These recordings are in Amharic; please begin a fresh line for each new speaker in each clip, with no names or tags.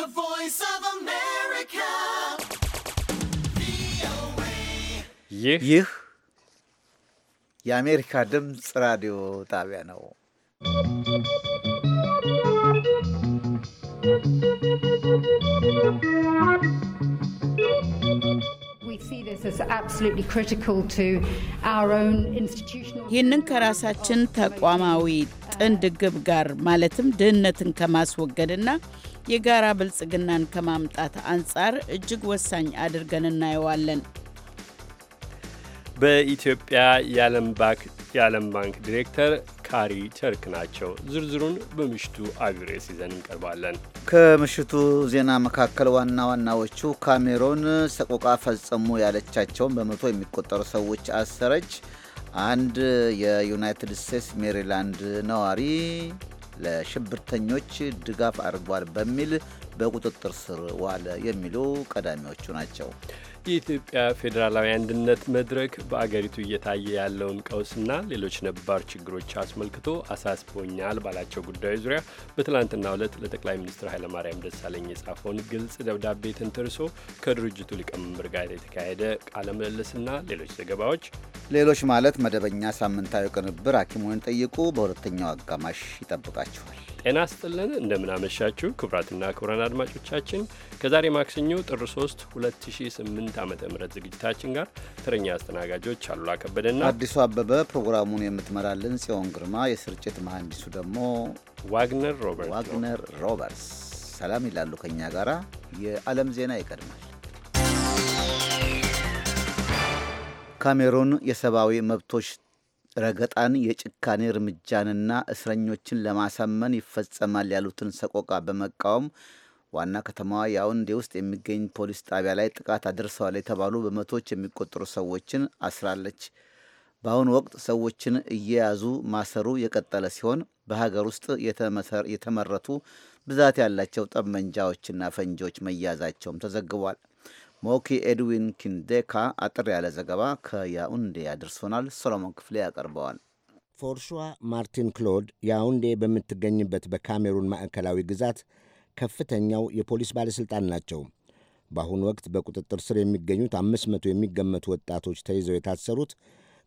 The Voice of America.
ይህ ይህ የአሜሪካ ድምፅ ራዲዮ ጣቢያ ነው።
Thank you.
ይህንን ከራሳችን ተቋማዊ ጥንድ ግብ ጋር ማለትም ድህነትን ከማስወገድና የጋራ ብልጽግናን ከማምጣት አንጻር እጅግ ወሳኝ አድርገን እናየዋለን።
በኢትዮጵያ የዓለም ባንክ የዓለም ባንክ ዲሬክተር ካሪ ቸርክ ናቸው። ዝርዝሩን በምሽቱ አቢሬስ ይዘን እንቀርባለን።
ከምሽቱ ዜና መካከል ዋና ዋናዎቹ ካሜሮን ሰቆቃ ፈጸሙ ያለቻቸውን በመቶ የሚቆጠሩ ሰዎች አሰረች። አንድ የዩናይትድ ስቴትስ ሜሪላንድ ነዋሪ ለሽብርተኞች ድጋፍ አድርጓል በሚል በቁጥጥር ስር ዋለ
የሚሉ ቀዳሚዎቹ ናቸው። የኢትዮጵያ ፌዴራላዊ አንድነት መድረክ በአገሪቱ እየታየ ያለውን ቀውስና ሌሎች ነባር ችግሮች አስመልክቶ አሳስቦኛል ባላቸው ጉዳዮች ዙሪያ በትላንትና ዕለት ለጠቅላይ ሚኒስትር ኃይለማርያም ደሳለኝ የጻፈውን ግልጽ ደብዳቤ ተንተርሶ ከድርጅቱ ሊቀመንበር ጋር የተካሄደ ቃለ ምልልስና ሌሎች ዘገባዎች
ሌሎች ማለት መደበኛ ሳምንታዊ ቅንብር ሐኪሙን ጠይቁ
በሁለተኛው አጋማሽ ይጠብቃችኋል። ጤና ስጥልን እንደምናመሻችሁ ክቡራትና ክቡራን አድማጮቻችን ከዛሬ ማክሰኞ ጥር 3 2008 ዓ ም ዝግጅታችን ጋር ተረኛ አስተናጋጆች አሉላ ከበደና አዲሱ
አበበ፣ ፕሮግራሙን የምትመራልን ጽዮን ግርማ፣ የስርጭት መሐንዲሱ ደግሞ ዋግነር ሮበርት ዋግነር ሮበርትስ። ሰላም ይላሉ ከእኛ ጋራ። የዓለም ዜና ይቀድማል። ካሜሩን የሰብአዊ መብቶች ረገጣን፣ የጭካኔ እርምጃንና እስረኞችን ለማሳመን ይፈጸማል ያሉትን ሰቆቃ በመቃወም ዋና ከተማዋ ያውንዴ ውስጥ የሚገኝ ፖሊስ ጣቢያ ላይ ጥቃት አድርሰዋል የተባሉ በመቶዎች የሚቆጠሩ ሰዎችን አስራለች። በአሁኑ ወቅት ሰዎችን እየያዙ ማሰሩ የቀጠለ ሲሆን በሀገር ውስጥ የተመረቱ ብዛት ያላቸው ጠመንጃዎችና ፈንጂዎች መያዛቸውም ተዘግቧል። ሞኪ ኤድዊን ኪንዴካ አጥር ያለ ዘገባ ከያኡንዴ ያደርሶናል። ሶሎሞን ክፍሌ ያቀርበዋል።
ፎርሿ ማርቲን ክሎድ ያኡንዴ በምትገኝበት በካሜሩን ማዕከላዊ ግዛት ከፍተኛው የፖሊስ ባለሥልጣን ናቸው። በአሁኑ ወቅት በቁጥጥር ስር የሚገኙት አምስት መቶ የሚገመቱ ወጣቶች ተይዘው የታሰሩት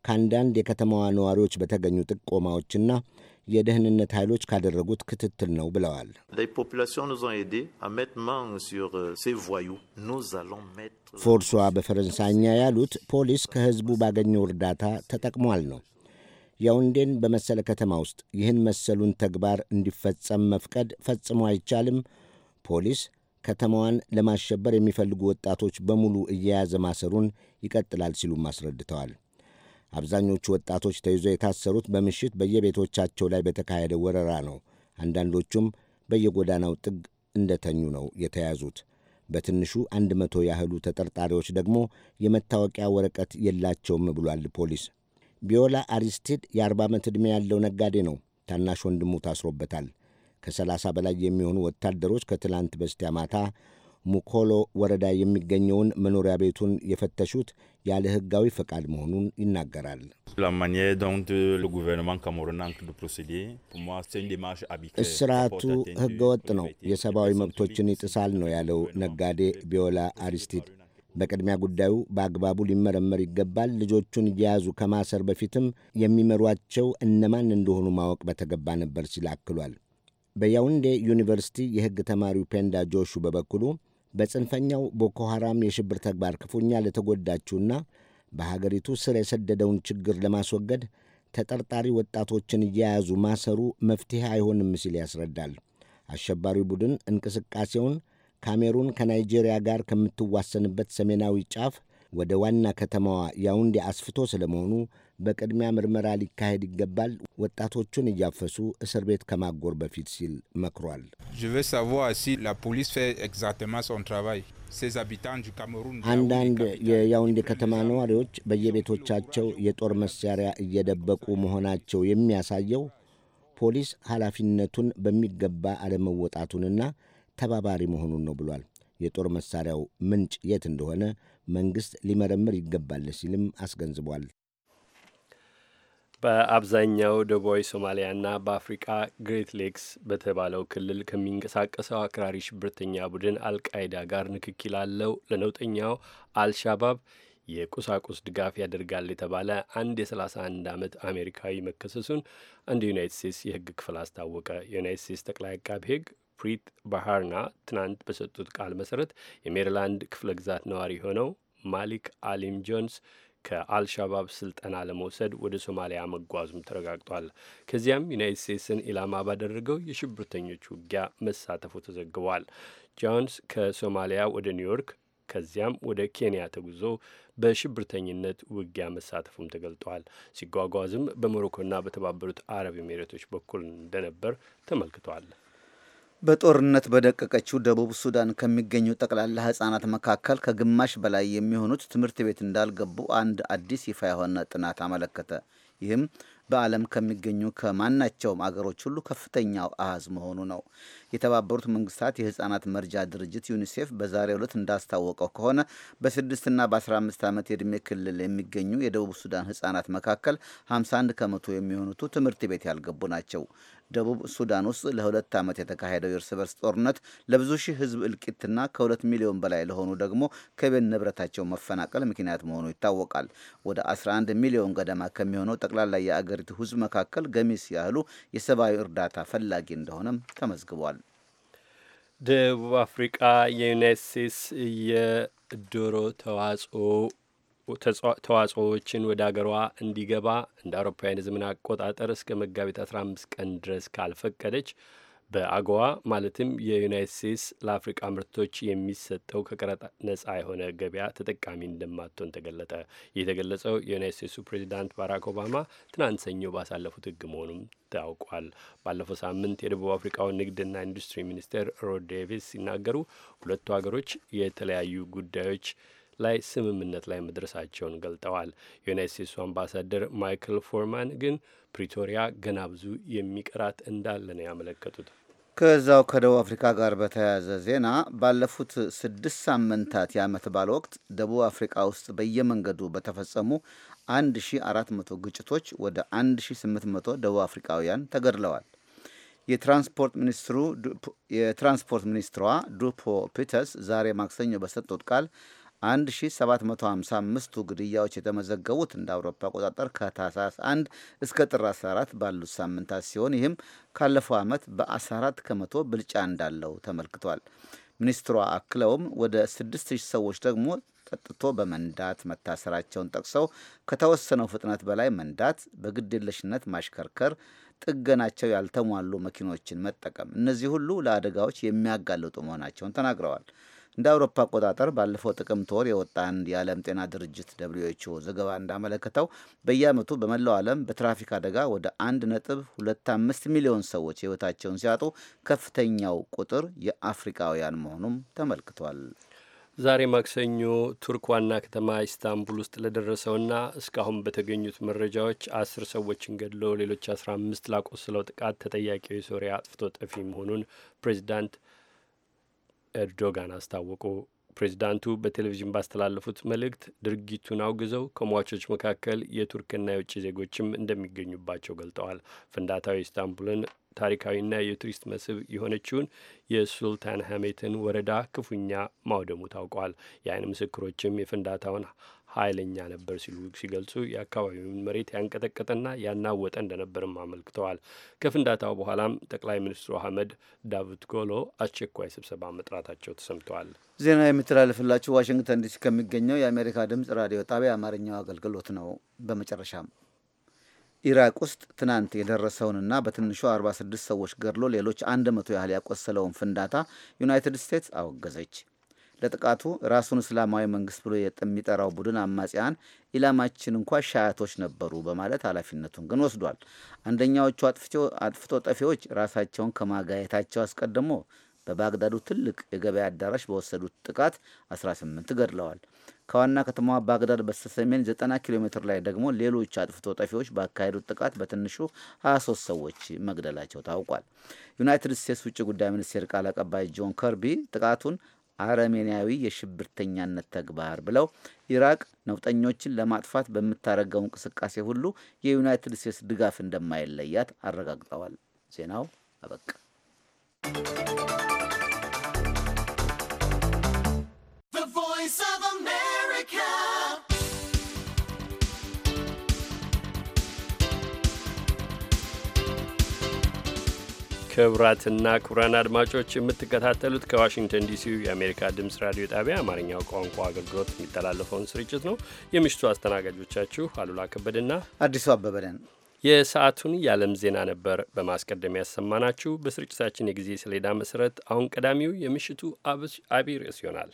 ከአንዳንድ የከተማዋ ነዋሪዎች በተገኙ ጥቆማዎችና የደህንነት ኃይሎች ካደረጉት ክትትል ነው ብለዋል። euh, ፎርሷ በፈረንሳይኛ ያሉት ፖሊስ ከህዝቡ ባገኘው እርዳታ ተጠቅሟል ነው። ያውንዴን በመሰለ ከተማ ውስጥ ይህን መሰሉን ተግባር እንዲፈጸም መፍቀድ ፈጽሞ አይቻልም። ፖሊስ ከተማዋን ለማሸበር የሚፈልጉ ወጣቶች በሙሉ እየያዘ ማሰሩን ይቀጥላል ሲሉም አስረድተዋል። አብዛኞቹ ወጣቶች ተይዘው የታሰሩት በምሽት በየቤቶቻቸው ላይ በተካሄደ ወረራ ነው። አንዳንዶቹም በየጎዳናው ጥግ እንደተኙ ነው የተያዙት። በትንሹ አንድ መቶ ያህሉ ተጠርጣሪዎች ደግሞ የመታወቂያ ወረቀት የላቸውም ብሏል ፖሊስ። ቢዮላ አሪስቲድ የአርባ ዓመት ዕድሜ ያለው ነጋዴ ነው። ታናሽ ወንድሙ ታስሮበታል። ከሰላሳ በላይ የሚሆኑ ወታደሮች ከትላንት በስቲያ ማታ ሙኮሎ ወረዳ የሚገኘውን መኖሪያ ቤቱን የፈተሹት ያለ ህጋዊ ፈቃድ መሆኑን ይናገራል። እስራቱ ህገወጥ ነው፣ የሰብአዊ መብቶችን ይጥሳል ነው ያለው ነጋዴ ቢዮላ አሪስቲድ። በቅድሚያ ጉዳዩ በአግባቡ ሊመረመር ይገባል። ልጆቹን እየያዙ ከማሰር በፊትም የሚመሯቸው እነማን እንደሆኑ ማወቅ በተገባ ነበር ሲል አክሏል። በያውንዴ ዩኒቨርሲቲ የሕግ ተማሪው ፔንዳ ጆሹ በበኩሉ በጽንፈኛው ቦኮ ሐራም የሽብር ተግባር ክፉኛ ለተጎዳችውና በሀገሪቱ ስር የሰደደውን ችግር ለማስወገድ ተጠርጣሪ ወጣቶችን እየያዙ ማሰሩ መፍትሔ አይሆንም ሲል ያስረዳል። አሸባሪው ቡድን እንቅስቃሴውን ካሜሩን ከናይጄሪያ ጋር ከምትዋሰንበት ሰሜናዊ ጫፍ ወደ ዋና ከተማዋ ያውንዴ አስፍቶ ስለመሆኑ በቅድሚያ ምርመራ ሊካሄድ ይገባል፣ ወጣቶቹን እያፈሱ እስር ቤት ከማጎር በፊት ሲል መክሯል። አንዳንድ የያውንዴ ከተማ ነዋሪዎች በየቤቶቻቸው የጦር መሳሪያ እየደበቁ መሆናቸው የሚያሳየው ፖሊስ ኃላፊነቱን በሚገባ አለመወጣቱንና ተባባሪ መሆኑን ነው ብሏል። የጦር መሳሪያው ምንጭ የት እንደሆነ መንግስት ሊመረምር ይገባል ሲልም አስገንዝቧል።
በአብዛኛው ደቡባዊ ሶማሊያና በአፍሪቃ ግሬት ሌክስ በተባለው ክልል ከሚንቀሳቀሰው አክራሪ ሽብርተኛ ቡድን አልቃይዳ ጋር ንክኪ ላለው ለነውጠኛው አልሻባብ የቁሳቁስ ድጋፍ ያደርጋል የተባለ አንድ የ31 ዓመት አሜሪካዊ መከሰሱን አንድ የዩናይት ስቴትስ የህግ ክፍል አስታወቀ። የዩናይት ስቴትስ ጠቅላይ አቃቢ ህግ ፕሪት ባህርና ትናንት በሰጡት ቃል መሰረት የሜሪላንድ ክፍለ ግዛት ነዋሪ የሆነው ማሊክ አሊም ጆንስ ከአልሻባብ ስልጠና ለመውሰድ ወደ ሶማሊያ መጓዙም ተረጋግጧል። ከዚያም ዩናይት ስቴትስን ኢላማ ባደረገው የሽብርተኞች ውጊያ መሳተፉ ተዘግቧል። ጆንስ ከሶማሊያ ወደ ኒውዮርክ ከዚያም ወደ ኬንያ ተጉዞ በሽብርተኝነት ውጊያ መሳተፉም ተገልጧል። ሲጓጓዝም በሞሮኮና በተባበሩት አረብ ኤሚሬቶች በኩል እንደነበር ተመልክቷል።
በጦርነት በደቀቀችው ደቡብ ሱዳን ከሚገኙ ጠቅላላ ህጻናት መካከል ከግማሽ በላይ የሚሆኑት ትምህርት ቤት እንዳልገቡ አንድ አዲስ ይፋ የሆነ ጥናት አመለከተ። ይህም በዓለም ከሚገኙ ከማናቸውም አገሮች ሁሉ ከፍተኛው አሃዝ መሆኑ ነው። የተባበሩት መንግስታት የህፃናት መርጃ ድርጅት ዩኒሴፍ በዛሬው ዕለት እንዳስታወቀው ከሆነ በስድስትና በ15 ዓመት የዕድሜ ክልል የሚገኙ የደቡብ ሱዳን ህፃናት መካከል 51 ከመቶ የሚሆኑቱ ትምህርት ቤት ያልገቡ ናቸው። ደቡብ ሱዳን ውስጥ ለሁለት ዓመት የተካሄደው የእርስ በርስ ጦርነት ለብዙ ሺህ ህዝብ እልቂትና ከሁለት ሚሊዮን በላይ ለሆኑ ደግሞ ከቤት ንብረታቸው መፈናቀል ምክንያት መሆኑ ይታወቃል። ወደ 11 ሚሊዮን ገደማ ከሚሆነው ጠቅላላ የአገር ከሀገሪቱ ሕዝብ መካከል ገሚስ ያህሉ የሰብአዊ እርዳታ ፈላጊ እንደሆነም ተመዝግቧል።
ደቡብ አፍሪቃ የዩናይት ስቴትስ የዶሮ ተዋጽኦ ተዋጽኦዎችን ወደ አገሯ እንዲገባ እንደ አውሮፓውያን ዘመን አቆጣጠር እስከ መጋቢት 15 ቀን ድረስ ካልፈቀደች በአጎዋ ማለትም የዩናይት ስቴትስ ለአፍሪቃ ምርቶች የሚሰጠው ከቀረጥ ነጻ የሆነ ገበያ ተጠቃሚ እንደማትሆን ተገለጠ። ይህ የተገለጸው የዩናይት ስቴትሱ ፕሬዚዳንት ባራክ ኦባማ ትናንት ሰኞ ባሳለፉት ሕግ መሆኑም ታውቋል። ባለፈው ሳምንት የደቡብ አፍሪካው ንግድና ኢንዱስትሪ ሚኒስቴር ሮድ ዴቪስ ሲናገሩ ሁለቱ ሀገሮች የተለያዩ ጉዳዮች ላይ ስምምነት ላይ መድረሳቸውን ገልጠዋል። የዩናይት ስቴትሱ አምባሳደር ማይክል ፎርማን ግን ፕሪቶሪያ ገና ብዙ የሚቀራት እንዳለ ነው ያመለከቱት።
ከዛው ከደቡብ አፍሪካ ጋር በተያያዘ ዜና ባለፉት ስድስት ሳምንታት የዓመት በዓል ወቅት ደቡብ አፍሪካ ውስጥ በየመንገዱ በተፈጸሙ 1400 ግጭቶች ወደ 1800 ደቡብ አፍሪካውያን ተገድለዋል። የትራንስፖርት ሚኒስትሩ የትራንስፖርት ሚኒስትሯ ዱፖ ፒተርስ ዛሬ ማክሰኞ በሰጡት ቃል 1755ቱ ግድያዎች የተመዘገቡት እንደ አውሮፓ አቆጣጠር ከታህሳስ 1 እስከ ጥር 14 ባሉት ሳምንታት ሲሆን ይህም ካለፈው ዓመት በ14 ከመቶ ብልጫ እንዳለው ተመልክቷል። ሚኒስትሯ አክለውም ወደ 6000 ሰዎች ደግሞ ጠጥቶ በመንዳት መታሰራቸውን ጠቅሰው ከተወሰነው ፍጥነት በላይ መንዳት፣ በግድየለሽነት ማሽከርከር፣ ጥገናቸው ያልተሟሉ መኪኖችን መጠቀም፣ እነዚህ ሁሉ ለአደጋዎች የሚያጋልጡ መሆናቸውን ተናግረዋል። እንደ አውሮፓ አቆጣጠር ባለፈው ጥቅምት ወር የወጣ አንድ የዓለም ጤና ድርጅት ደብልዩ ኤች ኦ ዘገባ እንዳመለከተው በየዓመቱ በመላው ዓለም በትራፊክ አደጋ ወደ 1.25 ሚሊዮን ሰዎች ሕይወታቸውን ሲያጡ ከፍተኛው ቁጥር የአፍሪካውያን መሆኑም ተመልክቷል።
ዛሬ ማክሰኞ ቱርክ ዋና ከተማ ኢስታንቡል ውስጥ ለደረሰውና እስካሁን በተገኙት መረጃዎች አስር ሰዎችን ገድሎ ሌሎች አስራ አምስት ላቆስለው ጥቃት ተጠያቂው የሶሪያ አጥፍቶ ጠፊ መሆኑን ፕሬዚዳንት ኤርዶጋን አስታወቁ። ፕሬዚዳንቱ በቴሌቪዥን ባስተላለፉት መልእክት ድርጊቱን አውግዘው ከሟቾች መካከል የቱርክና የውጭ ዜጎችም እንደሚገኙባቸው ገልጠዋል። ፍንዳታው የኢስታንቡልን ታሪካዊና የቱሪስት መስህብ የሆነችውን የሱልታን ሀሜትን ወረዳ ክፉኛ ማውደሙ ታውቋል። የአይን ምስክሮችም የፍንዳታውን ኃይለኛ ነበር ሲሉ ሲገልጹ የአካባቢውን መሬት ያንቀጠቀጠና ያናወጠ እንደነበርም አመልክተዋል። ከፍንዳታው በኋላም ጠቅላይ ሚኒስትሩ አህመድ ዳቪድ ጎሎ አስቸኳይ ስብሰባ መጥራታቸው ተሰምተዋል።
ዜና የሚተላለፍላችሁ ዋሽንግተን ዲሲ ከሚገኘው የአሜሪካ ድምፅ ራዲዮ ጣቢያ አማርኛው አገልግሎት ነው። በመጨረሻም ኢራቅ ውስጥ ትናንት የደረሰውንና በትንሹ 46 ሰዎች ገድሎ ሌሎች 100 ያህል ያቆሰለውን ፍንዳታ ዩናይትድ ስቴትስ አወገዘች። ለጥቃቱ ራሱን እስላማዊ መንግስት ብሎ የሚጠራው ቡድን አማጽያን ኢላማችን እንኳ ሻያቶች ነበሩ በማለት ኃላፊነቱን ግን ወስዷል። አንደኛዎቹ አጥፍቶ ጠፊዎች ራሳቸውን ከማጋየታቸው አስቀድሞ በባግዳዱ ትልቅ የገበያ አዳራሽ በወሰዱት ጥቃት 18 ገድለዋል። ከዋና ከተማዋ ባግዳድ በስተሰሜን 90 ኪሎ ሜትር ላይ ደግሞ ሌሎች አጥፍቶ ጠፊዎች ባካሄዱት ጥቃት በትንሹ 23 ሰዎች መግደላቸው ታውቋል። ዩናይትድ ስቴትስ ውጭ ጉዳይ ሚኒስቴር ቃል አቀባይ ጆን ከርቢ ጥቃቱን አረሜንያዊ የሽብርተኛነት ተግባር ብለው ኢራቅ ነውጠኞችን ለማጥፋት በምታደርገው እንቅስቃሴ ሁሉ የዩናይትድ ስቴትስ ድጋፍ እንደማይለያት አረጋግጠዋል። ዜናው አበቃ።
ክቡራትና ክቡራን አድማጮች የምትከታተሉት ከዋሽንግተን ዲሲ የአሜሪካ ድምፅ ራዲዮ ጣቢያ አማርኛው ቋንቋ አገልግሎት የሚተላለፈውን ስርጭት ነው። የምሽቱ አስተናጋጆቻችሁ አሉላ ከበድና አዲሱ አበበ ነን። የሰዓቱን የዓለም ዜና ነበር በማስቀደም ያሰማናችሁ። በስርጭታችን የጊዜ ሰሌዳ መሰረት አሁን ቀዳሚው የምሽቱ አብይ ርዕስ ይሆናል።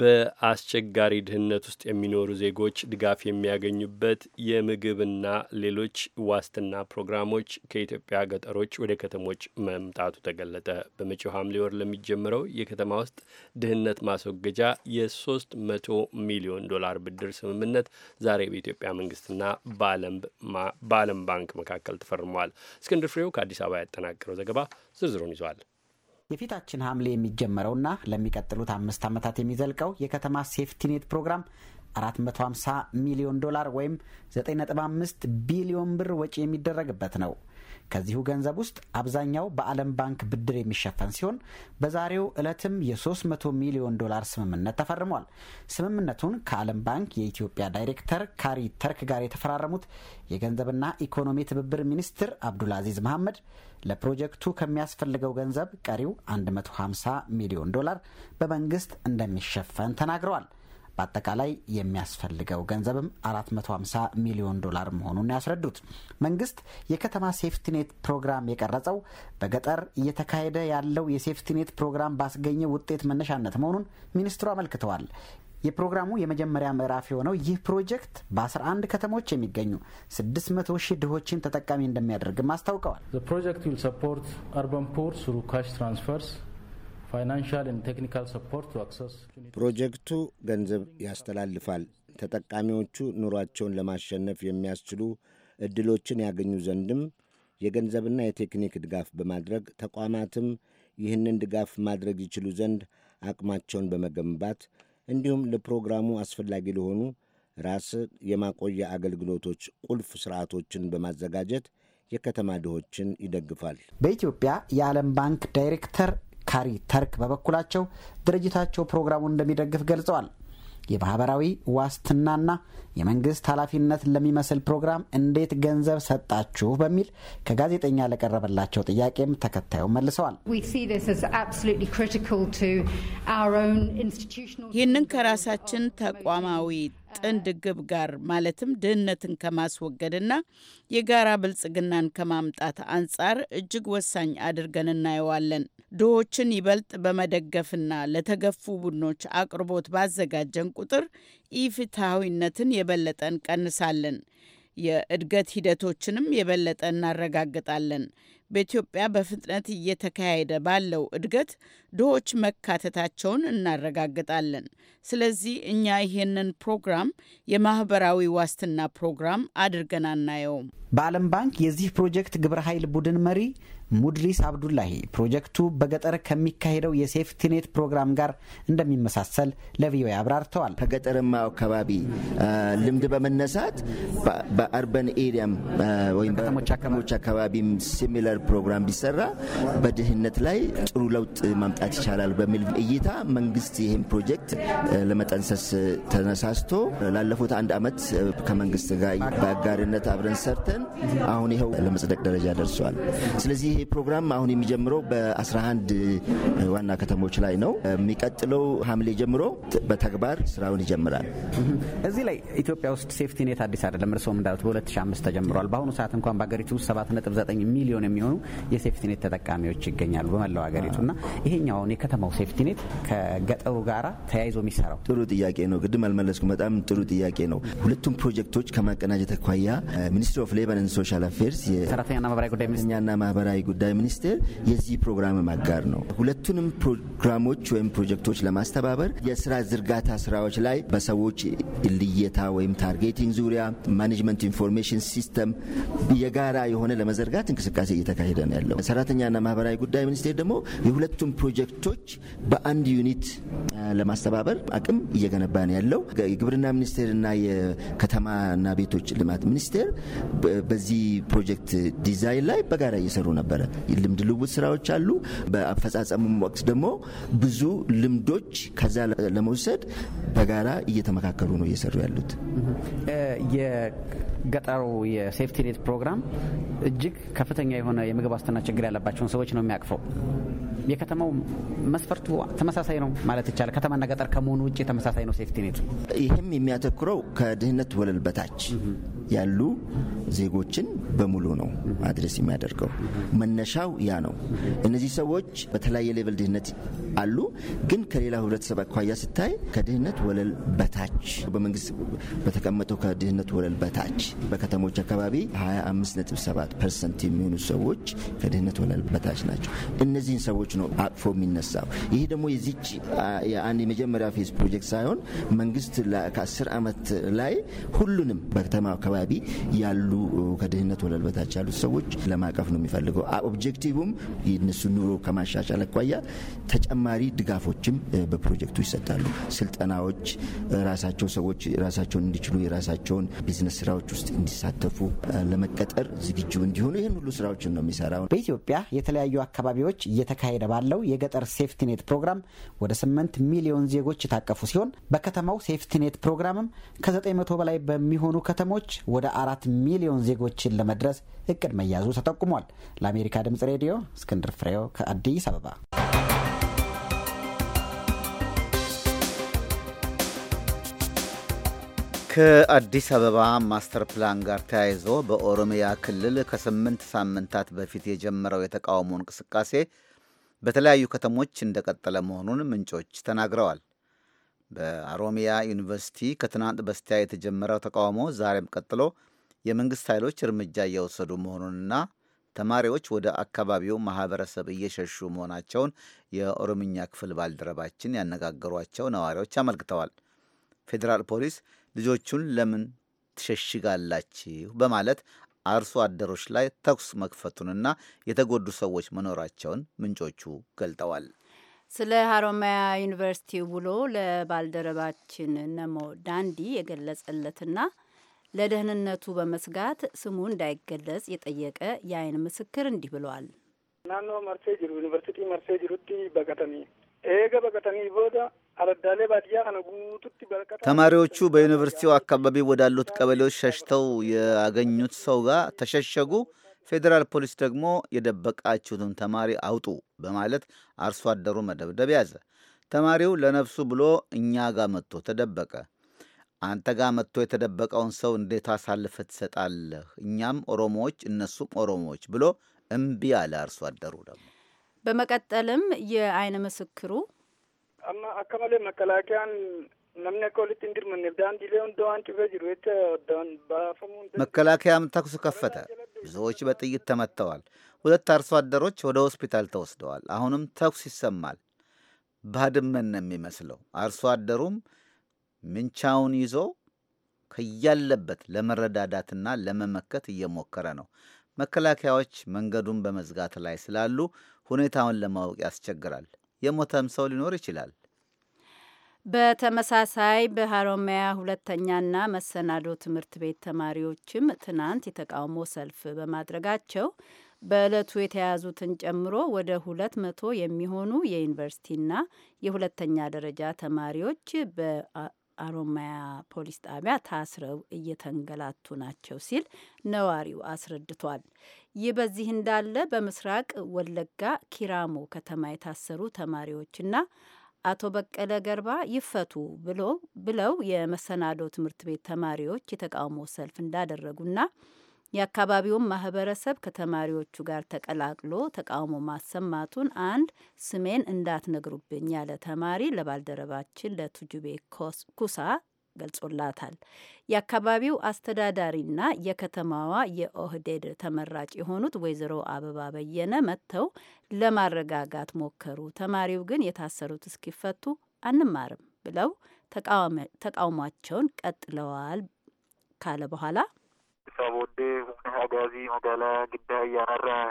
በአስቸጋሪ ድህነት ውስጥ የሚኖሩ ዜጎች ድጋፍ የሚያገኙበት የምግብና ሌሎች ዋስትና ፕሮግራሞች ከኢትዮጵያ ገጠሮች ወደ ከተሞች መምጣቱ ተገለጠ። በመጪው ሐምሌ ወር ለሚጀምረው የከተማ ውስጥ ድህነት ማስወገጃ የሶስት 300 ሚሊዮን ዶላር ብድር ስምምነት ዛሬ በኢትዮጵያ መንግስትና በዓለም ባንክ መካከል ተፈርሟል። እስክንድር ፍሬው ከአዲስ አበባ ያጠናቀረው ዘገባ ዝርዝሩን ይዟል።
የፊታችን ሐምሌ የሚጀመረውና ለሚቀጥሉት አምስት ዓመታት የሚዘልቀው የከተማ ሴፍቲኔት ፕሮግራም 450 ሚሊዮን ዶላር ወይም 9.5 ቢሊዮን ብር ወጪ የሚደረግበት ነው። ከዚሁ ገንዘብ ውስጥ አብዛኛው በዓለም ባንክ ብድር የሚሸፈን ሲሆን በዛሬው ዕለትም የ300 ሚሊዮን ዶላር ስምምነት ተፈርሟል። ስምምነቱን ከዓለም ባንክ የኢትዮጵያ ዳይሬክተር ካሪ ተርክ ጋር የተፈራረሙት የገንዘብና ኢኮኖሚ ትብብር ሚኒስትር አብዱልአዚዝ መሐመድ ለፕሮጀክቱ ከሚያስፈልገው ገንዘብ ቀሪው 150 ሚሊዮን ዶላር በመንግስት እንደሚሸፈን ተናግረዋል። በአጠቃላይ የሚያስፈልገው ገንዘብም 450 ሚሊዮን ዶላር መሆኑን ያስረዱት መንግስት የከተማ ሴፍቲኔት ፕሮግራም የቀረጸው በገጠር እየተካሄደ ያለው የሴፍቲኔት ፕሮግራም ባስገኘ ውጤት መነሻነት መሆኑን ሚኒስትሩ አመልክተዋል። የፕሮግራሙ የመጀመሪያ ምዕራፍ የሆነው ይህ ፕሮጀክት በ11 ከተሞች የሚገኙ 600 ሺህ ድሆችን ተጠቃሚ እንደሚያደርግም አስታውቀዋል።
ፕሮጀክቱ ገንዘብ ያስተላልፋል። ተጠቃሚዎቹ ኑሯቸውን ለማሸነፍ የሚያስችሉ ዕድሎችን ያገኙ ዘንድም የገንዘብና የቴክኒክ ድጋፍ በማድረግ ተቋማትም ይህንን ድጋፍ ማድረግ ይችሉ ዘንድ አቅማቸውን በመገንባት እንዲሁም ለፕሮግራሙ አስፈላጊ ለሆኑ ራስ የማቆያ አገልግሎቶች ቁልፍ ስርዓቶችን በማዘጋጀት የከተማ ድሆችን ይደግፋል። በኢትዮጵያ የዓለም ባንክ ዳይሬክተር ካሪ ተርክ በበኩላቸው ድርጅታቸው ፕሮግራሙን እንደሚደግፍ ገልጸዋል።
የማህበራዊ ዋስትናና የመንግስት ኃላፊነት ለሚመስል ፕሮግራም እንዴት ገንዘብ ሰጣችሁ በሚል ከጋዜጠኛ ለቀረበላቸው ጥያቄም ተከታዩን መልሰዋል። ይህንን ከራሳችን ተቋማዊ ጥንድ ግብ ጋር ማለትም ድህነትን ከማስወገድና የጋራ ብልጽግናን ከማምጣት አንጻር እጅግ ወሳኝ አድርገን እናየዋለን። ድሆችን ይበልጥ በመደገፍና ለተገፉ ቡድኖች አቅርቦት ባዘጋጀን ቁጥር ኢፍትሐዊነትን የበለጠ እንቀንሳለን። የእድገት ሂደቶችንም የበለጠ እናረጋግጣለን። በኢትዮጵያ በፍጥነት እየተካሄደ ባለው እድገት ድሆች መካተታቸውን እናረጋግጣለን። ስለዚህ እኛ ይህንን ፕሮግራም የማህበራዊ ዋስትና ፕሮግራም አድርገን አናየውም። በዓለም ባንክ የዚህ ፕሮጀክት ግብረ ኃይል ቡድን መሪ ሙድሪስ አብዱላሂ ፕሮጀክቱ በገጠር ከሚካሄደው የሴፍቲኔት ፕሮግራም ጋር እንደሚመሳሰል ለቪኦኤ
አብራርተዋል። ከገጠርማ አካባቢ ልምድ በመነሳት በአርበን ኤሪያም ወይም በከተሞች አካባቢ ሲሚለር ፕሮግራም ቢሰራ በድህነት ላይ ጥሩ ለውጥ ማምጣት ይቻላል በሚል እይታ መንግስት ይህን ፕሮጀክት ለመጠንሰስ ተነሳስቶ ላለፉት አንድ ዓመት ከመንግስት ጋር በአጋርነት አብረን ሰርተን አሁን ይኸው ለመጽደቅ ደረጃ ደርሷል። ስለዚህ ይሄ ፕሮግራም አሁን የሚጀምረው በ11 ዋና ከተሞች ላይ ነው። የሚቀጥለው ሐምሌ ጀምሮ በተግባር ስራውን ይጀምራል። እዚህ ላይ ኢትዮጵያ ውስጥ ሴፍቲ ኔት አዲስ አይደለም። እርስዎም እንዳሉት በ2005
ተጀምሯል። በአሁኑ ሰዓት እንኳን በሀገሪቱ ውስጥ 7.9 ሚሊዮን የሚሆኑ የሴፍቲ ኔት ተጠቃሚዎች ይገኛሉ
በመላው ሀገሪቱ እና ይሄኛው አሁን የከተማው ሴፍቲ ኔት ከገጠሩ ጋር ተያይዞ የሚሰራው ጥሩ ጥያቄ ነው። ቅድም አልመለስኩም። በጣም ጥሩ ጥያቄ ነው። ሁለቱም ፕሮጀክቶች ከማቀናጀት አኳያ ሚኒስትሪ ኦፍ ሌበር ኤንድ ሶሻል አፌርስ ሰራተኛና ማህበራዊ ጉዳይ ጉዳይ ሚኒስቴር የዚህ ፕሮግራም አጋር ነው። ሁለቱንም ፕሮግራሞች ወይም ፕሮጀክቶች ለማስተባበር የስራ ዝርጋታ ስራዎች ላይ በሰዎች ልየታ ወይም ታርጌቲንግ ዙሪያ ማኔጅመንት ኢንፎርሜሽን ሲስተም የጋራ የሆነ ለመዘርጋት እንቅስቃሴ እየተካሄደ ነው ያለው። ሰራተኛና ማህበራዊ ጉዳይ ሚኒስቴር ደግሞ የሁለቱም ፕሮጀክቶች በአንድ ዩኒት ለማስተባበር አቅም እየገነባ ነው ያለው። የግብርና ሚኒስቴርና የከተማና ቤቶች ልማት ሚኒስቴር በዚህ ፕሮጀክት ዲዛይን ላይ በጋራ እየሰሩ ነበረ። ልምድ ልውውጥ ስራዎች አሉ። በአፈጻጸሙም ወቅት ደግሞ ብዙ ልምዶች ከዛ ለመውሰድ በጋራ እየተመካከሉ ነው እየሰሩ ያሉት።
የገጠሩ የሴፍቲ ኔት ፕሮግራም እጅግ ከፍተኛ የሆነ የምግብ ዋስትና ችግር ያለባቸውን ሰዎች ነው የሚያቅፈው። የከተማው መስፈርቱ ተመሳሳይ ነው ማለት ይቻላል። ከተማና ገጠር ከመሆኑ ውጭ ተመሳሳይ
ነው ሴፍቲ ኔቱ። ይህም የሚያተኩረው ከድህነት ወለል በታች ያሉ ዜጎችን በሙሉ ነው አድሬስ የሚያደርገው። መነሻው ያ ነው። እነዚህ ሰዎች በተለያየ ሌቨል ድህነት አሉ፣ ግን ከሌላ ህብረተሰብ አኳያ ስታይ ከድህነት ወለል በታች በመንግስት በተቀመጠው ከድህነት ወለል በታች በከተሞች አካባቢ 25.7 ፐርሰንት የሚሆኑ ሰዎች ከድህነት ወለል በታች ናቸው። እነዚህን ሰዎች ሰዎች ነው አቅፎ የሚነሳው። ይህ ደግሞ የዚች የአንድ የመጀመሪያ ፌዝ ፕሮጀክት ሳይሆን መንግስት ከአስር ዓመት ላይ ሁሉንም በከተማ አካባቢ ያሉ ከድህነት ወለል በታች ያሉት ሰዎች ለማቀፍ ነው የሚፈልገው። ኦብጀክቲቭም የነሱ ኑሮ ከማሻሻል አኳያ ተጨማሪ ድጋፎችም በፕሮጀክቱ ይሰጣሉ። ስልጠናዎች፣ ራሳቸው ሰዎች ራሳቸውን እንዲችሉ የራሳቸውን ቢዝነስ ስራዎች ውስጥ እንዲሳተፉ ለመቀጠር ዝግጁ እንዲሆኑ ይህን ሁሉ ስራዎችን ነው የሚሰራው። በኢትዮጵያ የተለያዩ አካባቢዎች
እየተካሄደ እየተካሄደ ባለው የገጠር ሴፍቲኔት ፕሮግራም ወደ 8 ሚሊዮን ዜጎች የታቀፉ ሲሆን በከተማው ሴፍቲኔት ፕሮግራምም ከ900 በላይ በሚሆኑ ከተሞች ወደ አራት ሚሊዮን ዜጎችን ለመድረስ እቅድ መያዙ ተጠቁሟል። ለአሜሪካ ድምጽ ሬዲዮ እስክንድር ፍሬው ከአዲስ አበባ።
ከአዲስ አበባ ማስተር ፕላን ጋር ተያይዞ በኦሮሚያ ክልል ከስምንት ሳምንታት በፊት የጀመረው የተቃውሞ እንቅስቃሴ በተለያዩ ከተሞች እንደቀጠለ መሆኑን ምንጮች ተናግረዋል። በአሮሚያ ዩኒቨርሲቲ ከትናንት በስቲያ የተጀመረው ተቃውሞ ዛሬም ቀጥሎ የመንግስት ኃይሎች እርምጃ እየወሰዱ መሆኑንና ተማሪዎች ወደ አካባቢው ማህበረሰብ እየሸሹ መሆናቸውን የኦሮምኛ ክፍል ባልደረባችን ያነጋገሯቸው ነዋሪዎች አመልክተዋል። ፌዴራል ፖሊስ ልጆቹን ለምን ትሸሽጋላችሁ በማለት አርሶ አደሮች ላይ ተኩስ መክፈቱንና የተጎዱ ሰዎች መኖራቸውን ምንጮቹ ገልጠዋል።
ስለ ሀሮማያ ዩኒቨርሲቲ ውሎ ለባልደረባችን ነሞ ዳንዲ የገለጸለትና ለደህንነቱ በመስጋት ስሙ እንዳይገለጽ የጠየቀ የአይን ምስክር እንዲህ ብለዋል።
ናኖ መርሴ ጅሩ ዩኒቨርሲቲ መርሴ ጅሩቲ በቀተኒ ኤገ በቀተኒ ቦዳ
ተማሪዎቹ በዩኒቨርሲቲው አካባቢ ወዳሉት ቀበሌዎች ሸሽተው ያገኙት ሰው ጋር ተሸሸጉ። ፌዴራል ፖሊስ ደግሞ የደበቃችሁትን ተማሪ አውጡ በማለት አርሶ አደሩ መደብደብ ያዘ። ተማሪው ለነፍሱ ብሎ እኛ ጋር መጥቶ ተደበቀ። አንተ ጋር መጥቶ የተደበቀውን ሰው እንዴት አሳልፈ ትሰጣለህ? እኛም ኦሮሞዎች እነሱም ኦሮሞዎች ብሎ እምቢ አለ አርሶ አደሩ ደግሞ
በመቀጠልም የአይን ምስክሩ
amma malee makalaakiyaan namni akka walitti hin dirmanneef daandiilee hunda waan cufee jiru jecha waddaan baafamuun
መከላከያም
ተኩስ ከፈተ። ብዙዎች በጥይት ተመትተዋል። ሁለት አርሶ አደሮች ወደ ሆስፒታል ተወስደዋል። አሁንም ተኩስ ይሰማል። ባድመን ነው የሚመስለው። አርሶ አደሩም ምንቻውን ይዞ ከያለበት ለመረዳዳትና ለመመከት እየሞከረ ነው። መከላከያዎች መንገዱን በመዝጋት ላይ ስላሉ ሁኔታውን ለማወቅ ያስቸግራል። የሞተም ሰው ሊኖር ይችላል።
በተመሳሳይ በሀሮሚያ ሁለተኛና መሰናዶ ትምህርት ቤት ተማሪዎችም ትናንት የተቃውሞ ሰልፍ በማድረጋቸው በዕለቱ የተያዙትን ጨምሮ ወደ ሁለት መቶ የሚሆኑ የዩኒቨርሲቲና የሁለተኛ ደረጃ ተማሪዎች አሮማያ ፖሊስ ጣቢያ ታስረው እየተንገላቱ ናቸው ሲል ነዋሪው አስረድቷል። ይህ በዚህ እንዳለ በምስራቅ ወለጋ ኪራሞ ከተማ የታሰሩ ተማሪዎችና አቶ በቀለ ገርባ ይፈቱ ብለው የመሰናዶ ትምህርት ቤት ተማሪዎች የተቃውሞ ሰልፍ እንዳደረጉና የአካባቢውን ማህበረሰብ ከተማሪዎቹ ጋር ተቀላቅሎ ተቃውሞ ማሰማቱን አንድ ስሜን እንዳትነግሩብኝ ያለ ተማሪ ለባልደረባችን ለቱጁቤ ኩሳ ገልጾላታል። የአካባቢው አስተዳዳሪና የከተማዋ የኦህዴድ ተመራጭ የሆኑት ወይዘሮ አበባ በየነ መጥተው ለማረጋጋት ሞከሩ። ተማሪው ግን የታሰሩት እስኪፈቱ አንማርም ብለው ተቃውሟቸውን ቀጥለዋል ካለ በኋላ
isaa booddee humna haagaazii magaalaa giddaa ayyaanarraa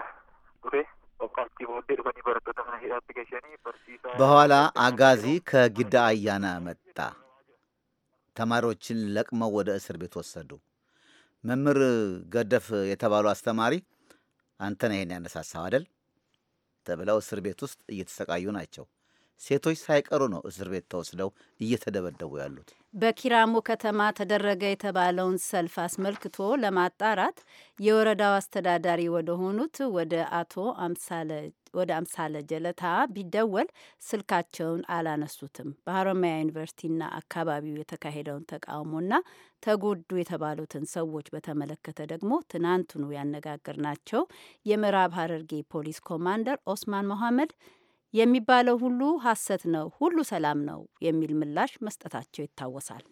dhufe bakkaatti booddee dhufanii barattoota mana hidhaatti gashanii barsiisaa በኋላ
አጋዚ ከግዳ አያና መጣ። ተማሪዎችን ለቅመው ወደ እስር ቤት ወሰዱ። መምህር ገደፍ የተባሉ አስተማሪ አንተ ነህ ይሄን ያነሳሳው አይደል ተብለው እስር ቤት ውስጥ እየተሰቃዩ ናቸው። ሴቶች ሳይቀሩ ነው እስር ቤት ተወስደው እየተደበደቡ
ያሉት። በኪራሙ ከተማ ተደረገ የተባለውን ሰልፍ አስመልክቶ ለማጣራት የወረዳው አስተዳዳሪ ወደ ሆኑት ወደ አቶ አምሳለ ወደ አምሳለ ጀለታ ቢደወል ስልካቸውን አላነሱትም። በሀረማያ ዩኒቨርሲቲና አካባቢው የተካሄደውን ተቃውሞና ተጎዱ የተባሉትን ሰዎች በተመለከተ ደግሞ ትናንትኑ ያነጋገርናቸው የምዕራብ ሀረርጌ ፖሊስ ኮማንደር ኦስማን መሐመድ የሚባለው ሁሉ ሐሰት ነው፣ ሁሉ ሰላም ነው የሚል ምላሽ መስጠታቸው ይታወሳል።